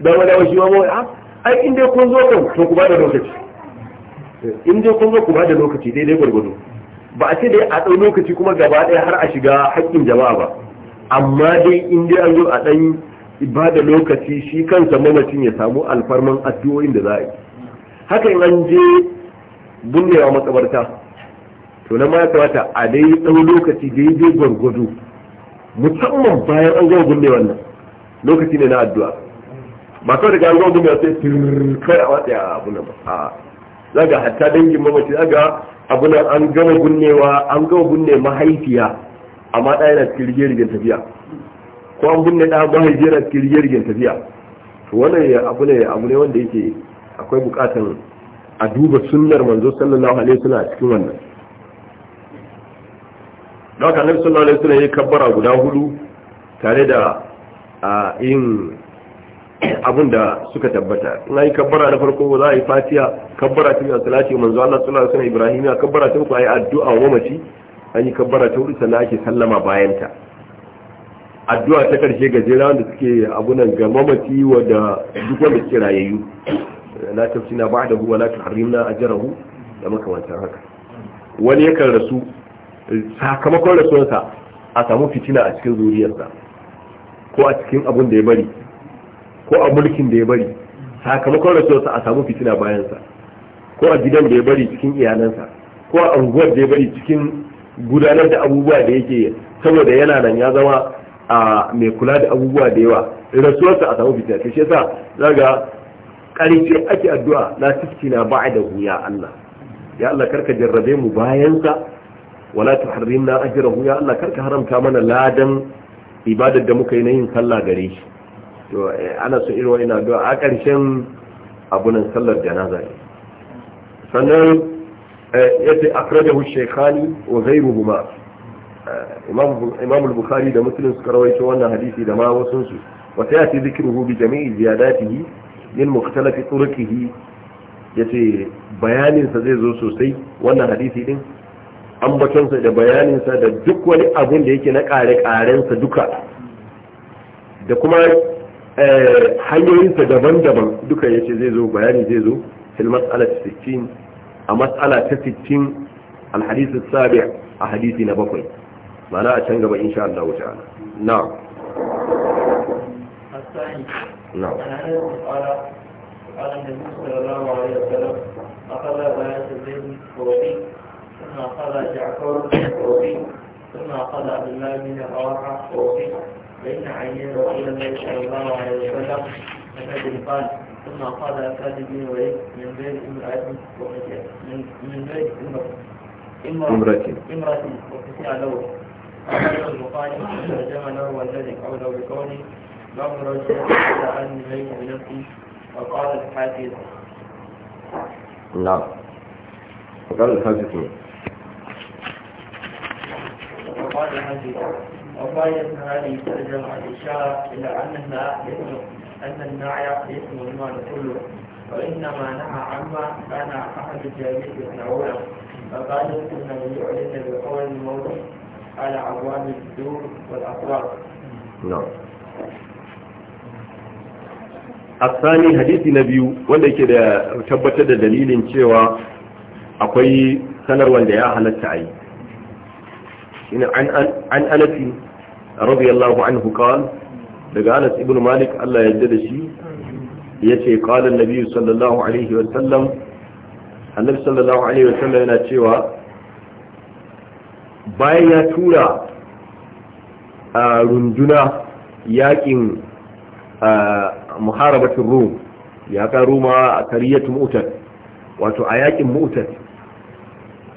dan wani wani ma mai ah, ai in dai kun zo kan to ku ba da lokaci in dai kun zo ku ba da lokaci daidai gwargwado ba a ce dai a dau lokaci kuma gaba ɗaya har a shiga haƙƙin jama'a ba amma dai in dai an zo a ɗan ba da lokaci shi kansa mamacin ya samu alfarman addu'o'in da za a yi haka in an je bunnewa makabarta to na ma ya kamata a dai ɗau lokaci daidai gwargwado musamman bayan an gama ne wannan lokaci ne na addu'a ba kawai daga an gama gulle sai kai a watsa a abu na ba ga hatta dangin mamaci za ga abu nan an gama gunnewa an gama gunne mahaifiya amma ɗaya na cikin rigiyar tafiya ko an gunne ɗaya mahaifiya na cikin rigiyar tafiya to wannan abu ne abu ne wanda yake akwai buƙatar a duba sunnar manzo sallallahu alaihi wasallam cikin wannan da haka annabi sallallahu suna yi kabbara guda hudu tare da yin abin da suka tabbata in yi kabbara na farko za a yi fatiya kabbara ta biyu salati manzo Allah sallallahu alaihi suna Ibrahim ya kabbara ta uku ayi addu'a wa mace an yi kabbara ta hudu sannan ake sallama bayan ta addu'a ta karshe gajera wanda suke abunan ga mamaci wadda duk wanda suke rayayyu na tafsina ba'dahu ta harina a jarahu da makamantar haka wani yakan rasu sakamakon rasuwarsa a samu fitina a cikin zuriyarsa ko a cikin abun da ya bari ko a mulkin da ya bari sakamakon rasuwarsa a samu fitina bayansa ko a gidan da ya bari cikin iyalansa ko a unguwar da ya bari cikin gudanar da abubuwa da yake saboda yana nan ya zama a mai kula da abubuwa da yawa rasuwarsa a samu fitina kashe sa, zaga ƙarshe ake addu'a na tiskina da huya Allah ya Allah karka jarrabe mu bayansa wala tuharrimna ajrahu ya Allah karka haramta mana ladan ibadar da muka yi na yin sallah gare shi to eh, ana so irwa ina do a ƙarshen abunan sallar janaza ne sannan eh, yace akhrajahu shaykhani wa ghayruhuma eh, imam Imamul bukhari da muslim suka rawaito wannan hadisi da ma wasun su wa sayati dhikruhu bi jami'i ziyadatihi yin mukhtalaf turqihi yace bayaninsa zai zo sosai wannan hadisi din ambatonsa da bayaninsa da duk wani abin da yake na kare-karensa duka da kuma hanyoyinsa daban-daban duka ya ce zai zo bayani zai zo fil ala ta 60 a matsala ta 60 alhadis sabi a hadisi na bakwai mana a can gaba insha Allah wuce ta'ala na na'am ثم قضى جعفر وفي ثم قضى عبد الله بن رواحة وفي بين عينين رسول الله صلى الله عليه وسلم أنه قال ثم قال خالد بن وليد من غير امرأة من بيت امرأة امرأة امرأة وفتاة له أخرجه البخاري ترجم له والذي قوله بقوله باب رجل على عن بيت بنفسه وقال الحافظ نعم وقال الحافظ مراجعة وفائدة هذه الترجمة الإشارة إلى أنها يسمو أن النعي يسمو المال كله وإنما نهى عما كان أحد الجاهلين يصنعونه فقالوا أنه يعلن بقول الموت على أبواب الدور والأسواق. نعم. الثاني حديث na biyu wanda yake دليل tabbatar اقوي dalilin cewa يا sanarwar da shine an anafi radiyallahu anhu qala daga Anas ibn Malik Allah ya yarda shi yace qala an-nabi sallallahu alaihi wa sallam annabi sallallahu alaihi wa sallam yana cewa bayan ya tura a runduna yakin muharabatin rum ya ka ruma a kariyatu mu'tad wato a yakin mu'tad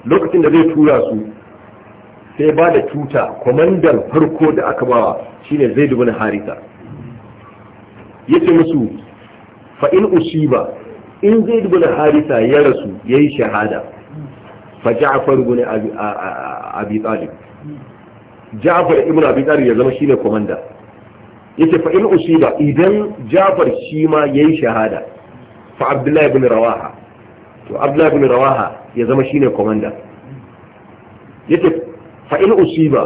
lokacin da zai tura su sai ba da tuta kwamandan farko da aka bawa shine zai dubu na harita ya ce musu fa'in usiba in zai dubu na harita ya rasu ya yi shahada fa ja'afar gune abi talib ja'afar ibn abi talib ya zama shine kwamanda ya ce fa'in usiba idan ja'afar shi ma ya yi shahada fa abdullahi bin rawaha to abdullahi bin rawaha ya zama shine kwamanda ya ce fa in usiba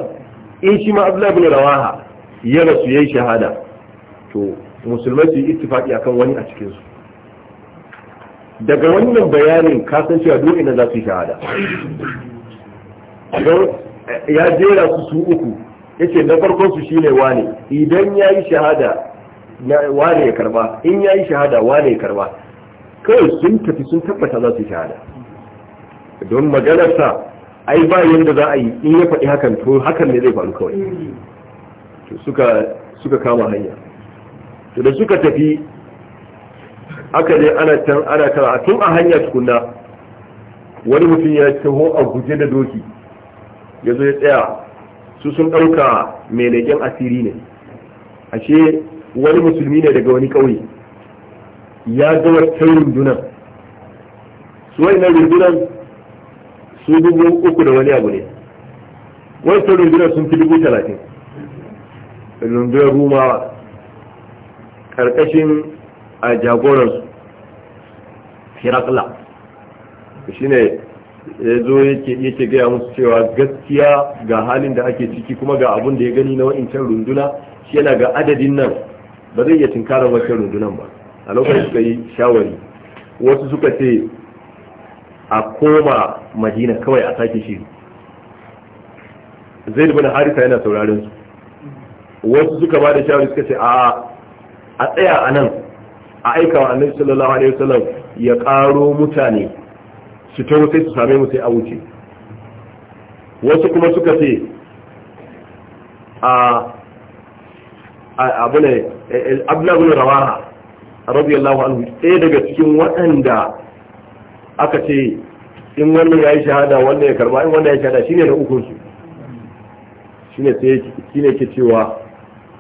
in shi ma abdullahi bin rawaha ya rasu yayi shahada to musulmai su yi ittifaki akan wani a cikin su daga wannan bayanin ka san cewa duk inda za su yi shahada eh, ya jera su su uku yace na farkon su shine wane idan yayi shahada wane ya karba in yayi shahada wane ya karba kai sun tafi sun tabbata za su yi shahada don maganarsa ai ba yadda za a yi in ya faɗi hakan to hakan ne zai faru kawai suka kama hanya to da suka tafi aka ne ana can ana a tun a hanya tukunna wani mutum ya taho a guje da doki ya zo ya tsaya su sun ɗauka mai leƙen asiri ne ashe wani musulmi ne daga wani ƙauye ya zama wata rundunan su wani rundunan su dubu uku da wani abu ne wancan rundunar sun fi dubu talatin rundunar rumawa karkashin a jagoransu firakla shi ne ya zo yake gaya musu cewa gaskiya ga halin da ake ciki kuma ga abun da ya gani na wa'incan runduna shi yana ga adadin nan ba zai iya tunkarar wancan rundunan ba a lokacin suka yi shawari wasu suka ce a koma madina kawai a sake shi zai bin harita yana sauraron su wasu suka ba da shawari suka ce a a tsaya a nan a aika wa annabi sallallahu alaihi wasallam ya karo mutane su tawo sai su same mu sai a wuce wasu kuma suka ce a abu ne eh, eh, abdullahi rawaha radiyallahu anhu ɗaya daga cikin waɗanda aka ce in wannan ya yi shahada wannan ya karba in wannan ya yi shahada shine na ukun su shine sai shine ke cewa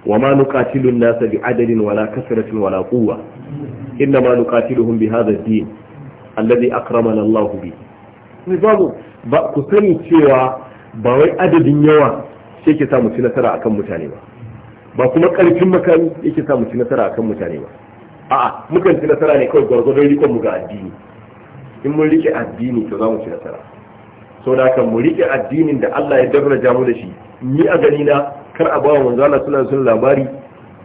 wa ma nuqatilu an-nasa bi adadin wala kasratin wala quwwa inna ma nuqatiluhum bi hadha ad-din alladhi akramana Allah bi ni babu ba ku sani cewa ba wai adadin yawa sai ke sa mu ci nasara akan mutane ba ba kuma karfin makami yake sa mu ci nasara akan mutane ba a'a mukan ci nasara ne kawai gwargwadon rikon mu ga addini in mun rike addini to za mu ci nasara so da kan mu rike addinin da Allah ya daraja mu da shi ni a gani na kar a bawa manzo Allah sallallahu alaihi labari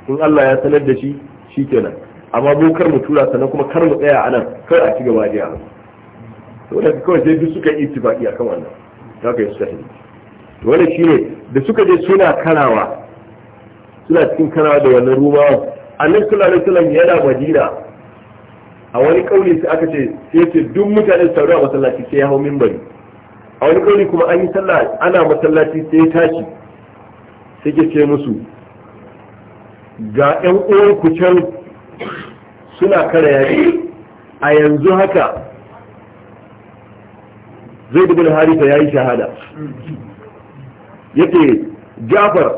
in Allah ya sanar da shi shikenan amma mu kar mu tura sannan kuma kar mu tsaya anan kar a ci gaba da to da kawai sai duk suka yi tibaki akan wannan kai suka ne to wannan shine da suka je suna karawa suna cikin karawa da wannan rumawa annabi sallallahu alaihi wasallam yana madina a wani kauli sai aka ce sai ce duk mutane su taru a masallaci sai ya hau mimbari a wani kauli kuma an yi sallah ana masallaci sai ya tashi sai ke ce musu ga yan uwan ku can suna kare yaki a yanzu haka zai bin harita ya yi shahada yake jafar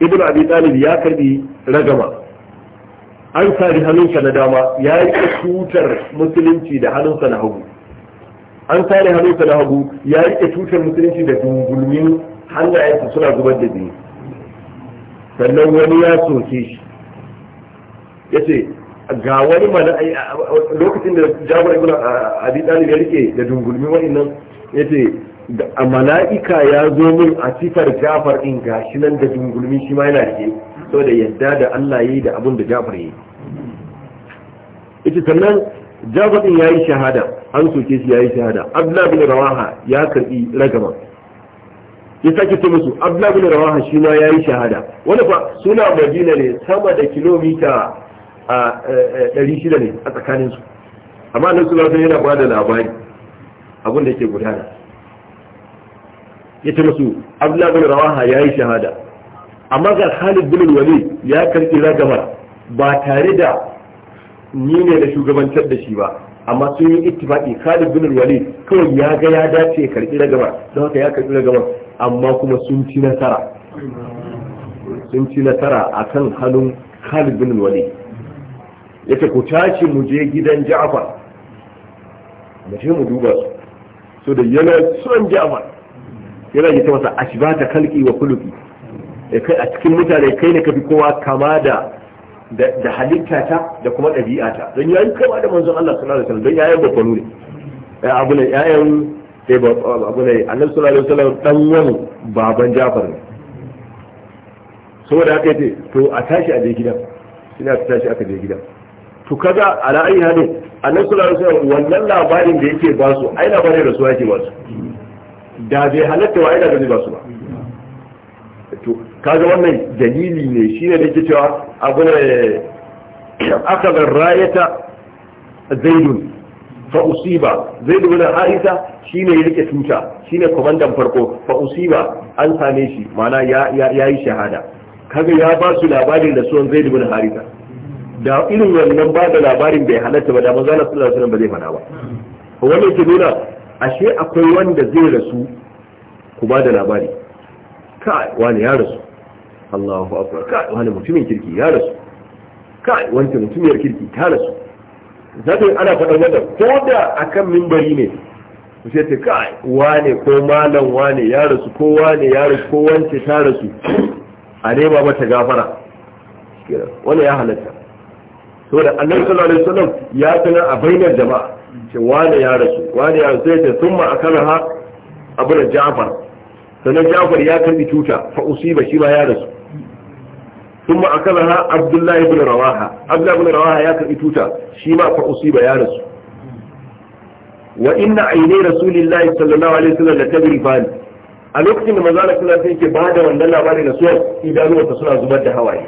ibn abi talib ya karbi ragama an sari hannunsa na dama ya rike tutar musulunci da hannunsa na hagu an sari hannunsa na hagu ya rike tutar musulunci da dungulmin hannayensa suna zubar da jini sannan wani ya soke shi ya ce ga wani mana lokacin da jabar ibn abi talib ya rike da dungulmi wa'annan ya ce mala'ika ya zo min a sifar jafar in gashi nan da dungulmi shi ma yana rike saboda yadda da Allah yi da abin da Jafar yi ita sannan Jafar din yayi shahada an soke shi yayi shahada Abdullah bin Rawaha ya karbi ragama ya sake ce musu Abdullah bin Rawaha shi ma yayi shahada wani fa suna Madina ne sama da kilomita a 600 ne a tsakanin su amma nan su yana bada labari abin da yake gudana ya ce musu Abdullah bin Rawaha yayi shahada amma ga Khalid bin Walid ya karki ragamar ba tare da ni ne da shugabantar da shi ba amma sun yi ittifaqi Khalid bin Walid kawai ya ga ya dace ya karki ragamar don haka ya karki ragamar amma kuma sun ci nasara sun ci nasara akan hannun Khalid bin Walid yace ku tashi mu je gidan Ja'far mu je mu duba su so da yana son Ja'far yana yi ta masa ashbata kalki wa kulufi a cikin mutane kai ne kafi kowa kama da da halitta ta da kuma ɗabi'a ta don yayi kama da manzon Allah sallallahu alaihi wasallam don yayin bakwano ne abu ne yayin sai eh, abu ne annabi sallallahu alaihi wasallam dan wani baban Jafar ne saboda haka yace to a tashi a je gidan ina ta tashi aka je gidan to kaga ala ayi hali annabi sallallahu alaihi wasallam wannan labarin da yake ba su ai labarin rasuwa yake ba su da bai halatta wa ai da ba su ba kaga wannan dalili ne ne da ke cewa abu ne aka ga rayata zaidun fa usiba zaidu bin aisha ne ya rike tuta ne komandan farko fa usiba an same shi mana ya yi shahada kaga ya ba su labarin da suwan zaidu bin harita da irin wannan ba da labarin bai halatta ba da manzo Allah sallallahu alaihi wasallam ba zai fada ba wannan ke nuna ashe akwai wanda zai rasu ku ba da labari kai wani ya rasu Allahu akbar ka wani mutumin kirki ya rasu ka wani mutumiyar kirki ta rasu zato ana faɗar wanda ko da akan mimbari ne ku sai ta ka wane ko malam wane ya rasu ko wane ya rasu ko wance ta rasu a ba mata gafara wani ya halatta da annabi sallallahu alaihi wasallam ya tana a bainar jama'a ce wane ya rasu wane ya rasu sai ta summa akala ha abu da Ja'far sannan Ja'far ya karbi tuta fa usiba shi ma ya rasu ثم أكلها عبد الله بن رواحة عبد الله بن رواحة ياك إتوتا شيما فأصيب يا رسول وإن عيني رسول الله صلى الله عليه وسلم لتبرفان a lokacin da Maza na suna sai ke ba da wannan labarin da suwar idanuwarsa suna zubar da hawaye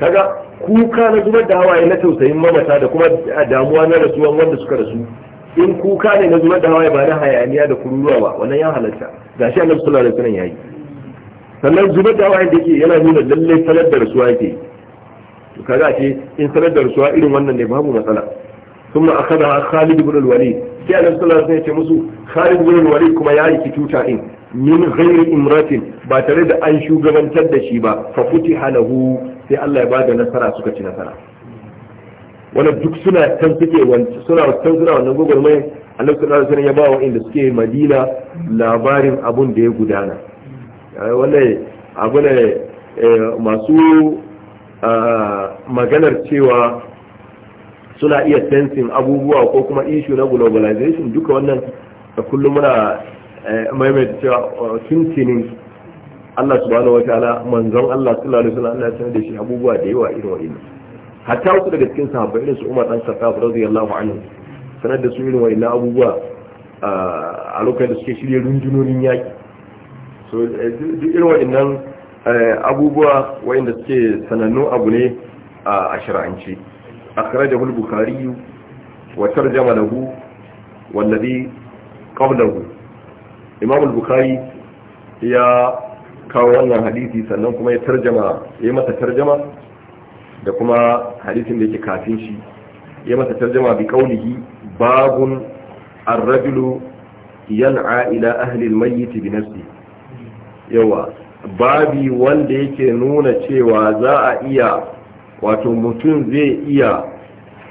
kaga kuka na zubar da hawaye na tausayin mamata da kuma damuwa na rasuwan wanda suka rasu in kuka ne na zubar da hawaye ba na hayaniya da kururuwa ba wannan ya halatta gashi annabi sallallahu alaihi wasallam yayi sannan zuba da wa'in da ke yana nuna lallai sanar da rasuwa yake to kaza ce in sanar da rasuwa irin wannan ne babu matsala kuma a kada Khalid ibn al-Walid sai Allah sallallahu alaihi wasallam ya ce musu Khalid ibn al-Walid kuma ya yi tuta in min ghairi imratin ba tare da an shugabantar da shi ba fa futiha halahu sai Allah ya bada nasara suka ci nasara wala duk suna tan suke suna tan suna wannan gogor mai Allah sallallahu alaihi wasallam ya ba wa inda suke Madina labarin abun da ya gudana Eh, wannan abu ne eh, masu ah, maganar cewa suna iya sensing abubuwa ko kuma ishu na globalization duka wannan da kullum muna eh, maimaita cewa oh, tuntunin Allah subhanahu wa ta'ala manzon Allah sallallahu alaihi wasallam Allah ya da shi abubuwa da yawa irin wa'annan hatta wasu daga cikin sahabbai irin su Umar dan Khattab radiyallahu anhu sanar da su irin wa'annan abubuwa ah, a lokacin da suke shirye rundunonin yaki so eh, duk irin waɗannan eh, abubuwa waɗanda suke sanannu abu ne a shari'anci akhrajahu al-bukhari wa tarjama lahu wallazi qablahu imam al-bukhari ya kawo wannan hadisi sannan kuma ya tarjama ya tarjama da kuma hadisin da yake kafin shi ya mata tarjama bi qawlihi babun ar-rajulu yan'a ila ahli al-mayyit bi nafsihi yawa babi wanda yake nuna cewa za a iya wato mutum zai iya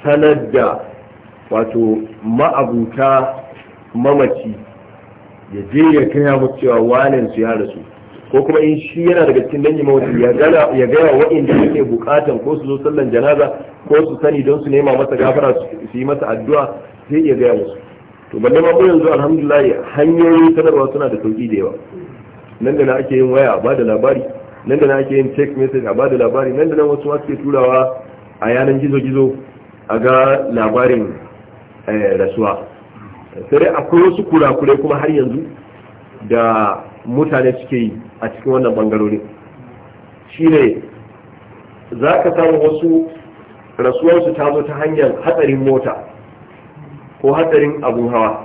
sanar da wato ma'abuta mamaci ya je ya kaya mu cewa wanen su ya rasu ko kuma in shi yana daga cikin dangi mawuci ya gaya waɗanda yake bukatan ko su zo sallan janaza ko su sani don su nema masa gafara su yi masa addu'a zai iya gaya musu to balle ma yanzu alhamdulillah hanyoyin sanarwa suna da sauki da yawa nan da na ake yin waya a bada labari nan da na ake yin text message a bada labari nan da nan wasu ake turawa a yanan gizo-gizo a ga labarin eh, rasuwa sai akwai wasu kurakurai kuma har yanzu da mutane suke yi a cikin wannan bangarori shine za ka samu wasu rasuwarsu ta zo ta hanyar hatsarin mota ko hatsarin abun hawa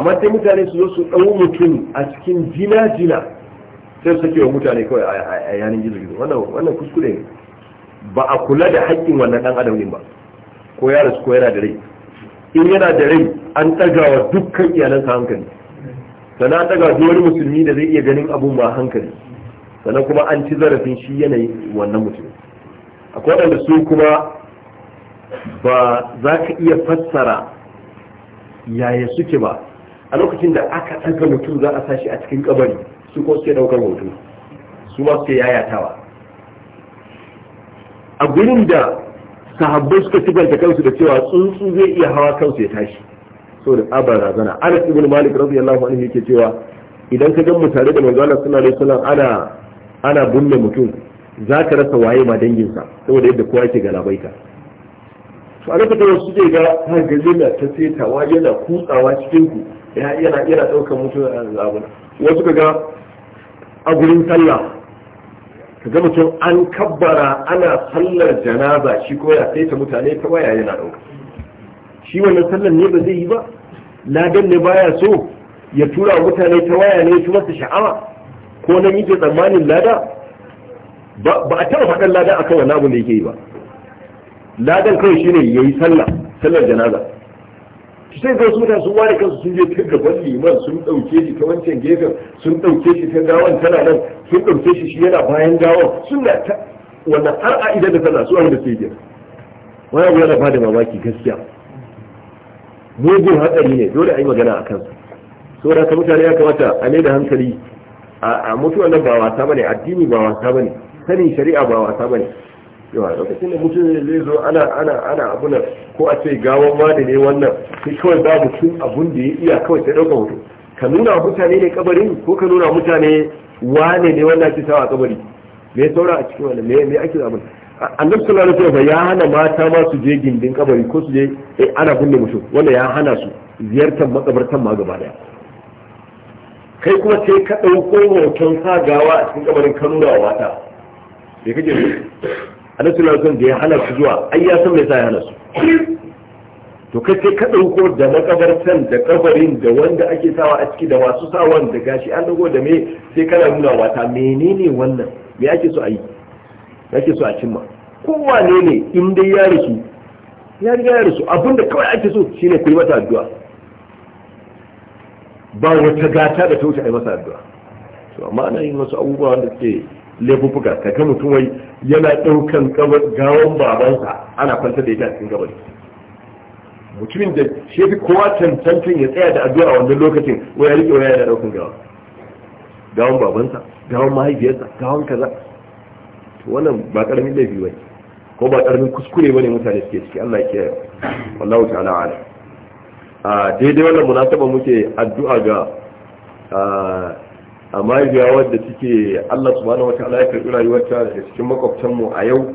amma sai mutane su zo su ɗau mutum a cikin jina-jina sai su wa mutane kawai a yanin gizo-gizo wannan kuskure ne ba a kula da haƙƙin wannan ɗan adam ba ko ya rasu ko yana da rai in yana da rai an ɗaga wa dukkan iyalansa hankali sana an ɗagawa duk wani musulmi da zai iya ganin abun ba hankali sannan kuma an ci zarafin shi yanayi wannan mutum akwai waɗanda su kuma ba za ka iya fassara yaya suke ba a lokacin da aka ɗaga mutum za a sashi a cikin kabari su ko suke ɗaukar hoto su ma suke yayatawa a gurin da sahabbai suka tibanta kansu da cewa tsuntsu zai iya hawa kansu ya tashi so da tsabar razana anas ibn malik radiyallahu anhu yake cewa idan ka gan mu tare da manzo Allah sallallahu alaihi ana ana bunne mutum za ka rasa waye ma danginsa saboda yadda kowa yake galabaita to a lokacin da suke ga har na ta setawa yana kutsawa cikin yana ɗaukar mutum a abuna wasu kaga a gurin sallah kaga mutum an kabbara ana sallar janaza shi ko ya ta mutane ta waya yana ɗauka shi wannan sallar ne ba zai yi ba ladan ne baya so ya tura mutane ta waya ne su masa sha'awa ko nan yake tsammanin lada ba a taɓa faɗan lada akan wani abu da yake yi ba ladan kawai shine yi sallah sallar janaza sai ga su da su ware kansu sun je ta gaban liman sun dauke shi ta wancan gefen sun dauke shi ta gawan tana nan sun dauke shi shi yana bayan gawan suna ta wannan har a idan da tana su da sai gina wani abu yana bada mamaki gaskiya mugun hatsari ne dole a yi magana a kansa So ka mutane ya kamata a mai da hankali a mutuwa nan ba wasa bane addini ba wasa bane sanin shari'a ba wasa bane yawa lokacin da mutum zai zo ana ana ana abuna ko a ce gawan wani ne wannan sai kawai za mutum abun da ya iya kawai ta ɗauka hoto ka nuna mutane ne kabarin ko ka nuna mutane wane ne wannan ake sawa a kabari me saura a cikin wannan me me ake A annabi sallallahu alaihi wasallam ya hana mata ma su je gindin kabari ko su je eh, ana binne mutum wanda ya hana su ziyartar makabartan ma gaba daya kai kuma sai ka dauko hoton sa gawa a cikin kabarin ka nuna wa mata me kake annabi sallallahu alaihi da ya hana su zuwa ai ya san me sai ya hana su to kai sai ka dauko da makabartan da kabarin da wanda ake sawa a ciki da wasu sawan da gashi an dago da me sai kana nuna wata menene wannan me ake so a yi ake so a cimma wane ne in dai ya rasu ya riga ya rasu abinda kawai ake so shine ku yi mata addu'a ba wata gata da ta wuce a yi masa addu'a to amma ana yin wasu abubuwa wanda suke laifuffuka ka ga mutum wai yana ɗaukan gawan babansa ana kwanta da ita cikin gabari mutumin da fi kowa cancancin ya tsaya da addu'a wannan lokacin wai ya rike waya yana ɗaukan gawa gawan babansa gawan mahaifiyarsa gawan kaza to wannan ba ƙaramin laifi bane ko ba ƙaramin kuskure bane mutane suke ciki Allah ya kiyaye wallahu ta'ala a daidai wannan munasaba muke addu'a ga ah, amma ya wadda take Allah subhanahu wataala ya karbi rayuwarta daga cikin makwabtan mu a yau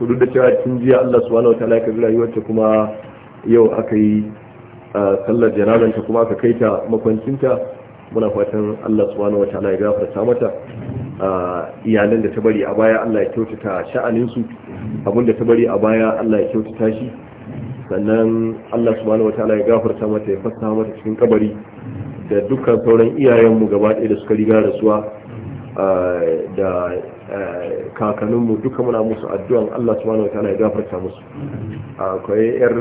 kudu da cewa tun jiya Allah subhanahu wataala ya karbi rayuwarta kuma yau aka yi sallar ta kuma aka kai ta makwancinta muna fatan Allah subhanahu wataala ya gafarta mata iyalan da ta bari a baya Allah ya kyautata sha'anin su abin da ta bari a baya Allah ya kyautata shi sannan Allah subhanahu wataala ya gafarta mata ya fassara mata cikin kabari da dukkan sauran iyayenmu gaba ɗaya da suka riga rasuwa da kakanninmu duka muna musu addu'an Allah subhanahu wataala ya gafarta musu akwai yar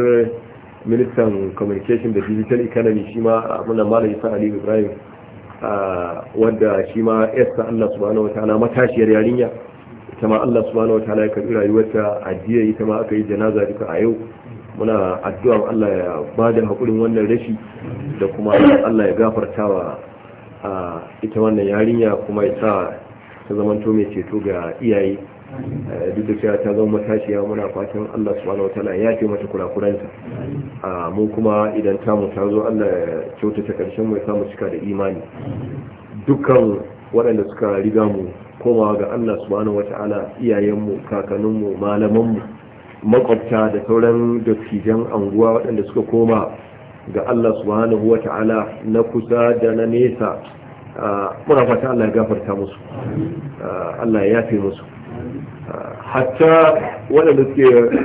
ministan communication da digital economy shi ma muna malam Isa Ali Ibrahim wanda shi ma yarsa Allah subhanahu wataala matashiyar yarinya ita ma Allah subhanahu ta'ala ya karbi rayuwarta a ita ma aka yi janaza duka a yau muna addu'a Allah ya ba da haƙurin wannan rashi da kuma Allah ya gafarta wa ita wannan yarinya kuma ya sa ta zamanto mai ceto ga iyaye eh, duk da cewa ta zama matashiya muna fatan Allah subhanahu wataala ya ce mata kurakuranta mu kuma idan ta mu ta zo Allah ya ta karshen mu ya samu cika da imani dukkan waɗanda suka riga mu komawa ga Allah subhanahu wataala iyayenmu kakanninmu malamanmu makwabta da sauran dattijan anguwa waɗanda suka koma ga Allah subhanahu wata'ala na kusa da na nesa muna fata Allah ya gafarta musu Allah ya yafe musu hatta waɗanda suke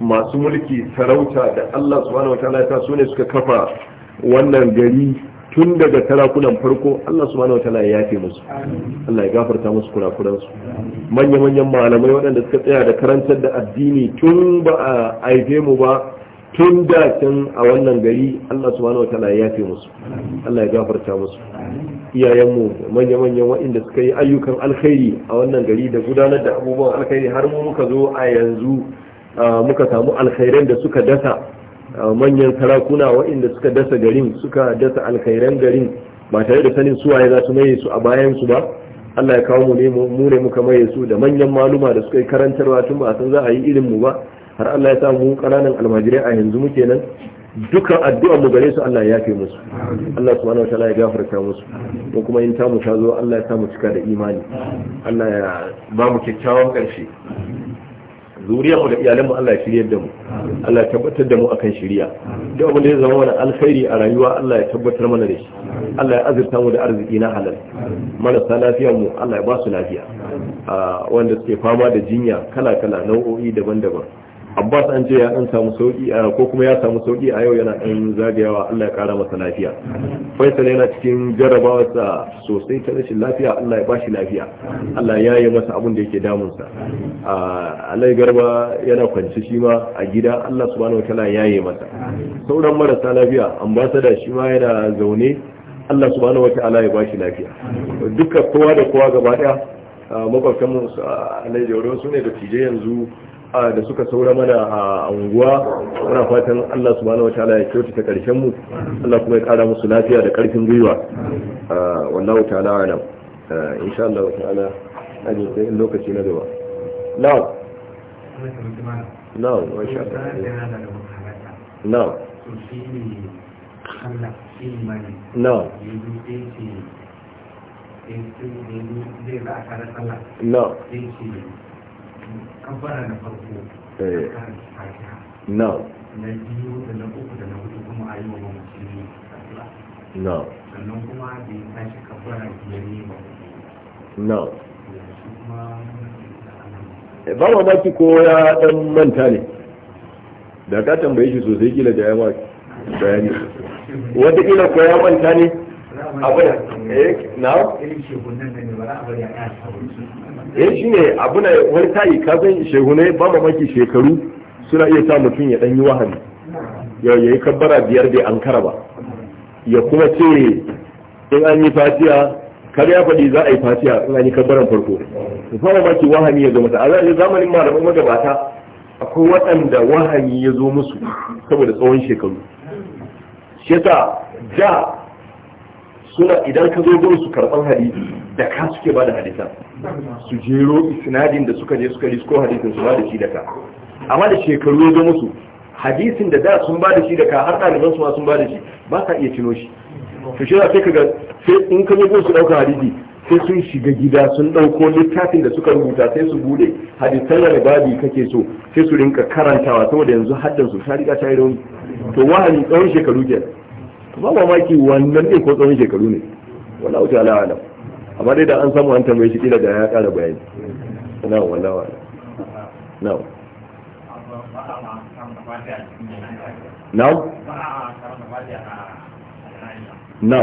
masu mulki sarauta da Allah subhanahu wata'ala ya sa su ne suka kafa wannan gari tun daga tarakunan farko Allah subhanahu wataala ya yafe musu Allah ya gafarta musu kurakuran su manya manyan malamai waɗanda suka tsaya da karantar da addini tun ba a haife mu ba tun da can a wannan gari Allah subhanahu wataala ya yafe musu Allah ya gafarta musu iyayenmu manya manyan waɗanda suka yi ayyukan alkhairi a wannan gari da gudanar da abubuwan alkhairi har mu muka zo a yanzu muka samu alkhairan da suka dasa manyan sarakuna waɗanda suka dasa garin suka dasa alkhairan garin ba tare da sanin ya za su maye su a bayan su ba Allah ya kawo mu ne mu ne muka maye su da manyan maluma da suka yi karantarwa tun ba san za a yi irin mu ba har Allah ya sa mu ƙananan almajirai a yanzu muke nan dukkan addu'ar mu gare su Allah ya yafe musu Allah subhanahu wa ta'ala ya gafarta musu ko kuma in ta mu ta zo Allah ya sa mu cika da imani Allah ya ba mu kyakkyawan ƙarshe Zuriya mu da iyalanmu Allah ya shiryar da mu Allah ya tabbatar da mu akan shiriya duk abin da ya zama mana alkhairi a rayuwa Allah ya tabbatar mana da shi Allah ya azurta mu da arziki na halal marasa lafiyar mu Allah ya ba su lafiya ah, wanda suke fama da jinya kala kala nau'o'i daban-daban abbas an ce ya dan samu sauki ko kuma ya samu sauki a yau yana ɗan zagayawa Allah ya kara masa lafiya faisal yana cikin sa sosai ta rashin lafiya Allah ya bashi lafiya Allah ya yi masa abin da yake damun sa Allah garba yana kwance shi ma a gida Allah subhanahu wataala ya yi masa sauran marasa lafiya ambasada shi ma yana zaune Allah subhanahu wataala ya bashi lafiya duka kowa da kowa gaba daya makwabtan mu a su ne da tije yanzu da suka saura mana a unguwa muna fatan Allah subhanahu wataala ya kyautata karshen mu Allah kuma ya kara musu lafiya da karfin gwiwa wallahu ta'ala alam insha Allah ta'ala aje sai lokaci na gaba na'am na'am wa sha Allah na'am na'am na'am kafara na farko na eh. na biyu da na uku da na hudu kuma a wa mamaci ne sannan kuma da ya tashi biyar ne ba eh, ba maki ko ya dan manta ne da ka tambaye shi sosai kila da yawa bayani wata kila ko ya manta ne eh na eh shine abu na wani tayi ka san ne ba mamaki shekaru suna iya sa mutum ya dan yi wahani ya yi kabbara biyar bai an kara ba ya kuma ce in an yi fatiya kar ya faɗi za a yi fatiya in an yi kabbaran farko ya fara maki wahani ya zo ta a zamanin malamin magabata akwai waɗanda wahani ya zo musu saboda tsawon shekaru shi ja suna idan ka zo gurin su karɓar hadisi da ka suke ba da hadisa, su jero isnadin da suka je suka risko hadisin su ba da shi da ka amma da shekaru ya zo musu hadisin da da sun ba da shi da ka har ɗaliban su ma sun ba da shi ba ka iya cino shi to shi sai ka ga sai in ka zo gurin su ɗauka hadisi sai sun shiga gida sun ɗauko littafin da suka rubuta sai su bude hadisan da babi kake so sai su rinka karantawa saboda yanzu haddan su ta riga ta yi rauni to wahani tsawon shekaru kenan ba mamaki wannan ne ko tsawon shekaru ne wala wuce ala alam amma dai da an samu an tambaye shi kila da ya kara bayani na wala wala na na na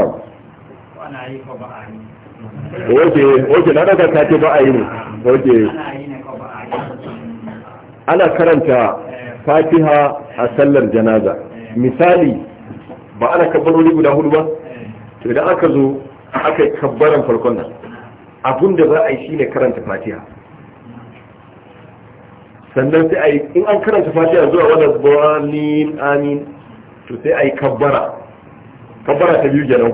na daga ba a yi ne ana karanta fatiha a sallar janaza misali ba ana kabbaroli guda hudu ba to idan aka zo aka yi kabbaran farkon nan abun da za a yi shine karanta fatiha sannan sai a yi in an karanta fatiha zuwa wadda zuwanin amin to sai a yi kabbara kabbara ta biyu kenan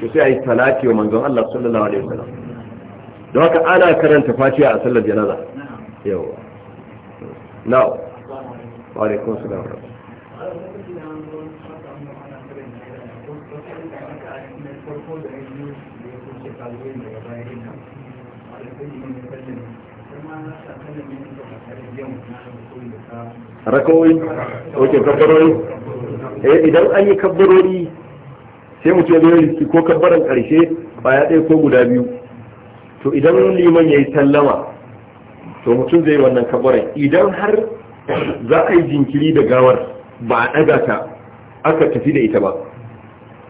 to sai a yi talati wa manzon Allah sallallahu alaihi wasallam don haka ana karanta fatiha a sallar janaza yawa na'u wa alaikum assalam rakawoyi ok kabbarori eh, idan an yi kabbarori sai mu ce zai ko kabbaran karshe ya ɗaya ko guda biyu to idan liman ya yi sallama to mutum zai wannan kabbaran idan har za a yi jinkiri da gawar ba a ɗaga ta aka tafi da ita ba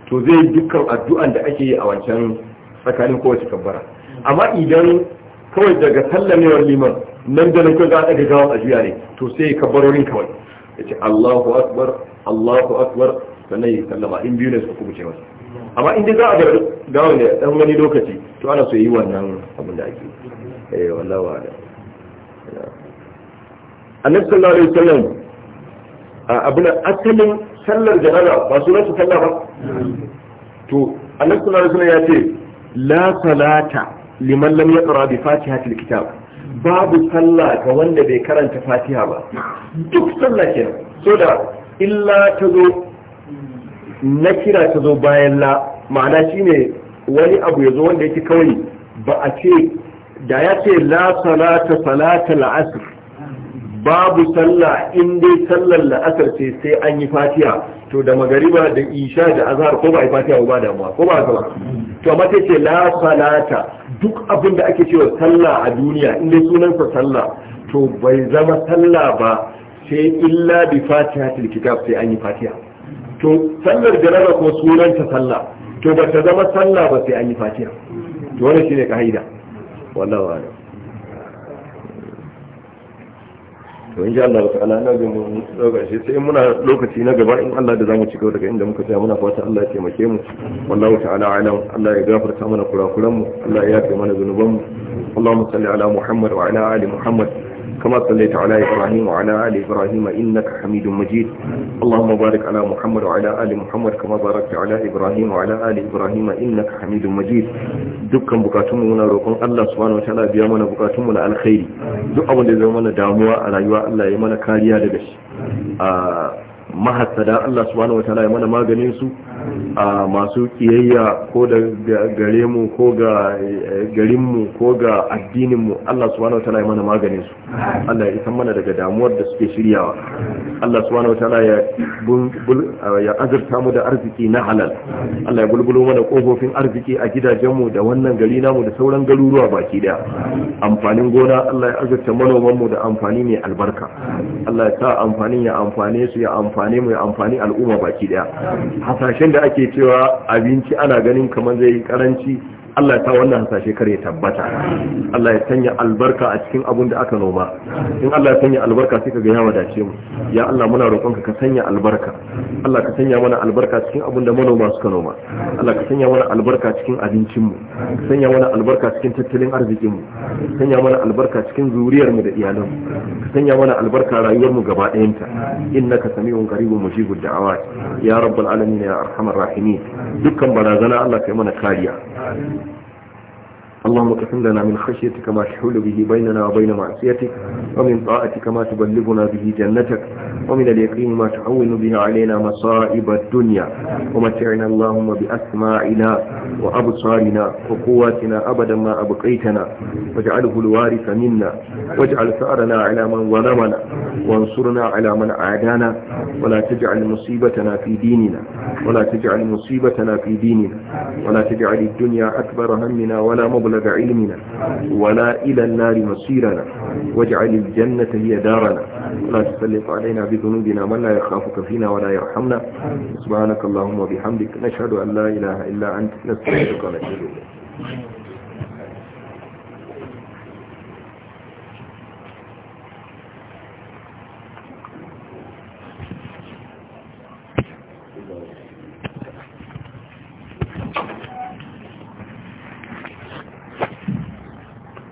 to zai dukkan addu'an da ake yi a wancan tsakanin kowace kabbara amma idan kawai daga sallamewar liman nan da nan kawai za a daga gawa a juya ne to sai kabbarorin kawai ya ce Allahu akbar Allahu akbar sannan ya sallama in biyu ne su kuma ce masa amma in dai za a bar gawa ne dan wani lokaci to ana so yi wannan abin da ake eh wallahi wa da annabi sallallahu alaihi wasallam abin asalin sallar janaza ba su su sallah ba to annabi sallallahu alaihi wasallam ya ce la salata liman lam yaqra bi fatihatil kitab babu sallah ga wanda bai karanta fatiha ba duk sallah kenan so da illa ta zo na kira ta zo bayan la ma'ana shine wani abu ya zo wanda yake kawai ba a ce da ya ce la salata salata la'asr babu sallah in dai sallar la'asar ce sai an yi fatiha to da magariba da isha da azhar ko ba a yi fatiha ba damuwa ko ba haka to amma sai ce la salata duk abin da ake cewa sallah a duniya in dai sunansa sallah to bai zama sallah ba sai illa bi fatihatil kitab sai an yi fatiha to sallar jaraba ko sunanta sallah to ba ta zama sallah ba sai an yi fatiha to wannan shine kaida wallahi to in ji Allah ta ala na ga mun shi sai muna lokaci na gaba in Allah da zamu ci gaba daga inda muka tsaya muna fata Allah ya taimake mu wallahu ta'ala alam Allah ya gafarta mana kurakuran mu Allah ya yafe mana zunuban mu Allahumma salli ala Muhammad wa ala ali Muhammad كما صليت على إبراهيم وعلى آل إبراهيم إنك حميد مجيد اللهم بارك على محمد وعلى آل محمد كما باركت على إبراهيم وعلى آل إبراهيم إنك حميد مجيد dukkan bukatunmu muna roƙon Allah subhanahu wataala biya mana mu na alkhairi duk abin da zai mana damuwa a rayuwa Allah ya mana kariya daga shi a mahasada Allah subhanahu wataala mana maganin su a masu kiyayya ko da gare mu ko ga eh, garinmu ko ga addininmu Allah subhanahu wataala ya mana maganin su Allah ya isa mana daga damuwar da suke shiryawa Allah subhanahu wataala ya eh, ya azurta mu da arziki na halal Allah ya bulbulo mana kofofin arziki a gidajenmu da wannan gari namu da sauran garuruwa baki daya amfanin gona Allah ya azurta manomanmu da amfani mai albarka Allah ya sa amfanin ya amfane su ya amfane mu ya amfani al'umma baki daya hasashen da ake cewa abinci ana ganin kamar zai karanci Allah ya sa wannan hasashe kar ya tabbata Allah ya sanya albarka a cikin abun da aka noma in Allah ya sanya albarka sai ka ga ya wadace mu ya Allah muna roƙonka ka sanya albarka Allah ka sanya mana albarka cikin abun da manoma suka noma Allah ka sanya mana albarka cikin abincin mu ka sanya mana albarka cikin tattalin arzikin mu ka sanya mana albarka cikin zuriyar mu da iyalan mu ka sanya mana albarka rayuwar mu gaba ɗayan ta innaka sami'un qaribun mujibud da'awat ya rabbal alamin ya arhamar rahimin dukkan barazana Allah kai mana kariya اللهم اقسم لنا من خشيتك ما تحول به بيننا وبين معصيتك ومن طاعتك ما تبلغنا به جنتك ومن اليقين ما تعون به علينا مصائب الدنيا ومتعنا اللهم بأسماعنا وأبصارنا وقواتنا أبدا ما أبقيتنا واجعله الوارث منا واجعل ثأرنا على من ظلمنا وانصرنا على من أعدانا ولا تجعل مصيبتنا في ديننا ولا تجعل مصيبتنا في ديننا ولا تجعل الدنيا أكبر همنا ولا مبلغ مبلغ علمنا ولا إلى النار مصيرنا واجعل الجنة هي دارنا ولا تسلط علينا بذنوبنا من لا يخافك فينا ولا يرحمنا سبحانك اللهم وبحمدك نشهد أن لا إله إلا أنت نستغفرك ونتوب إليك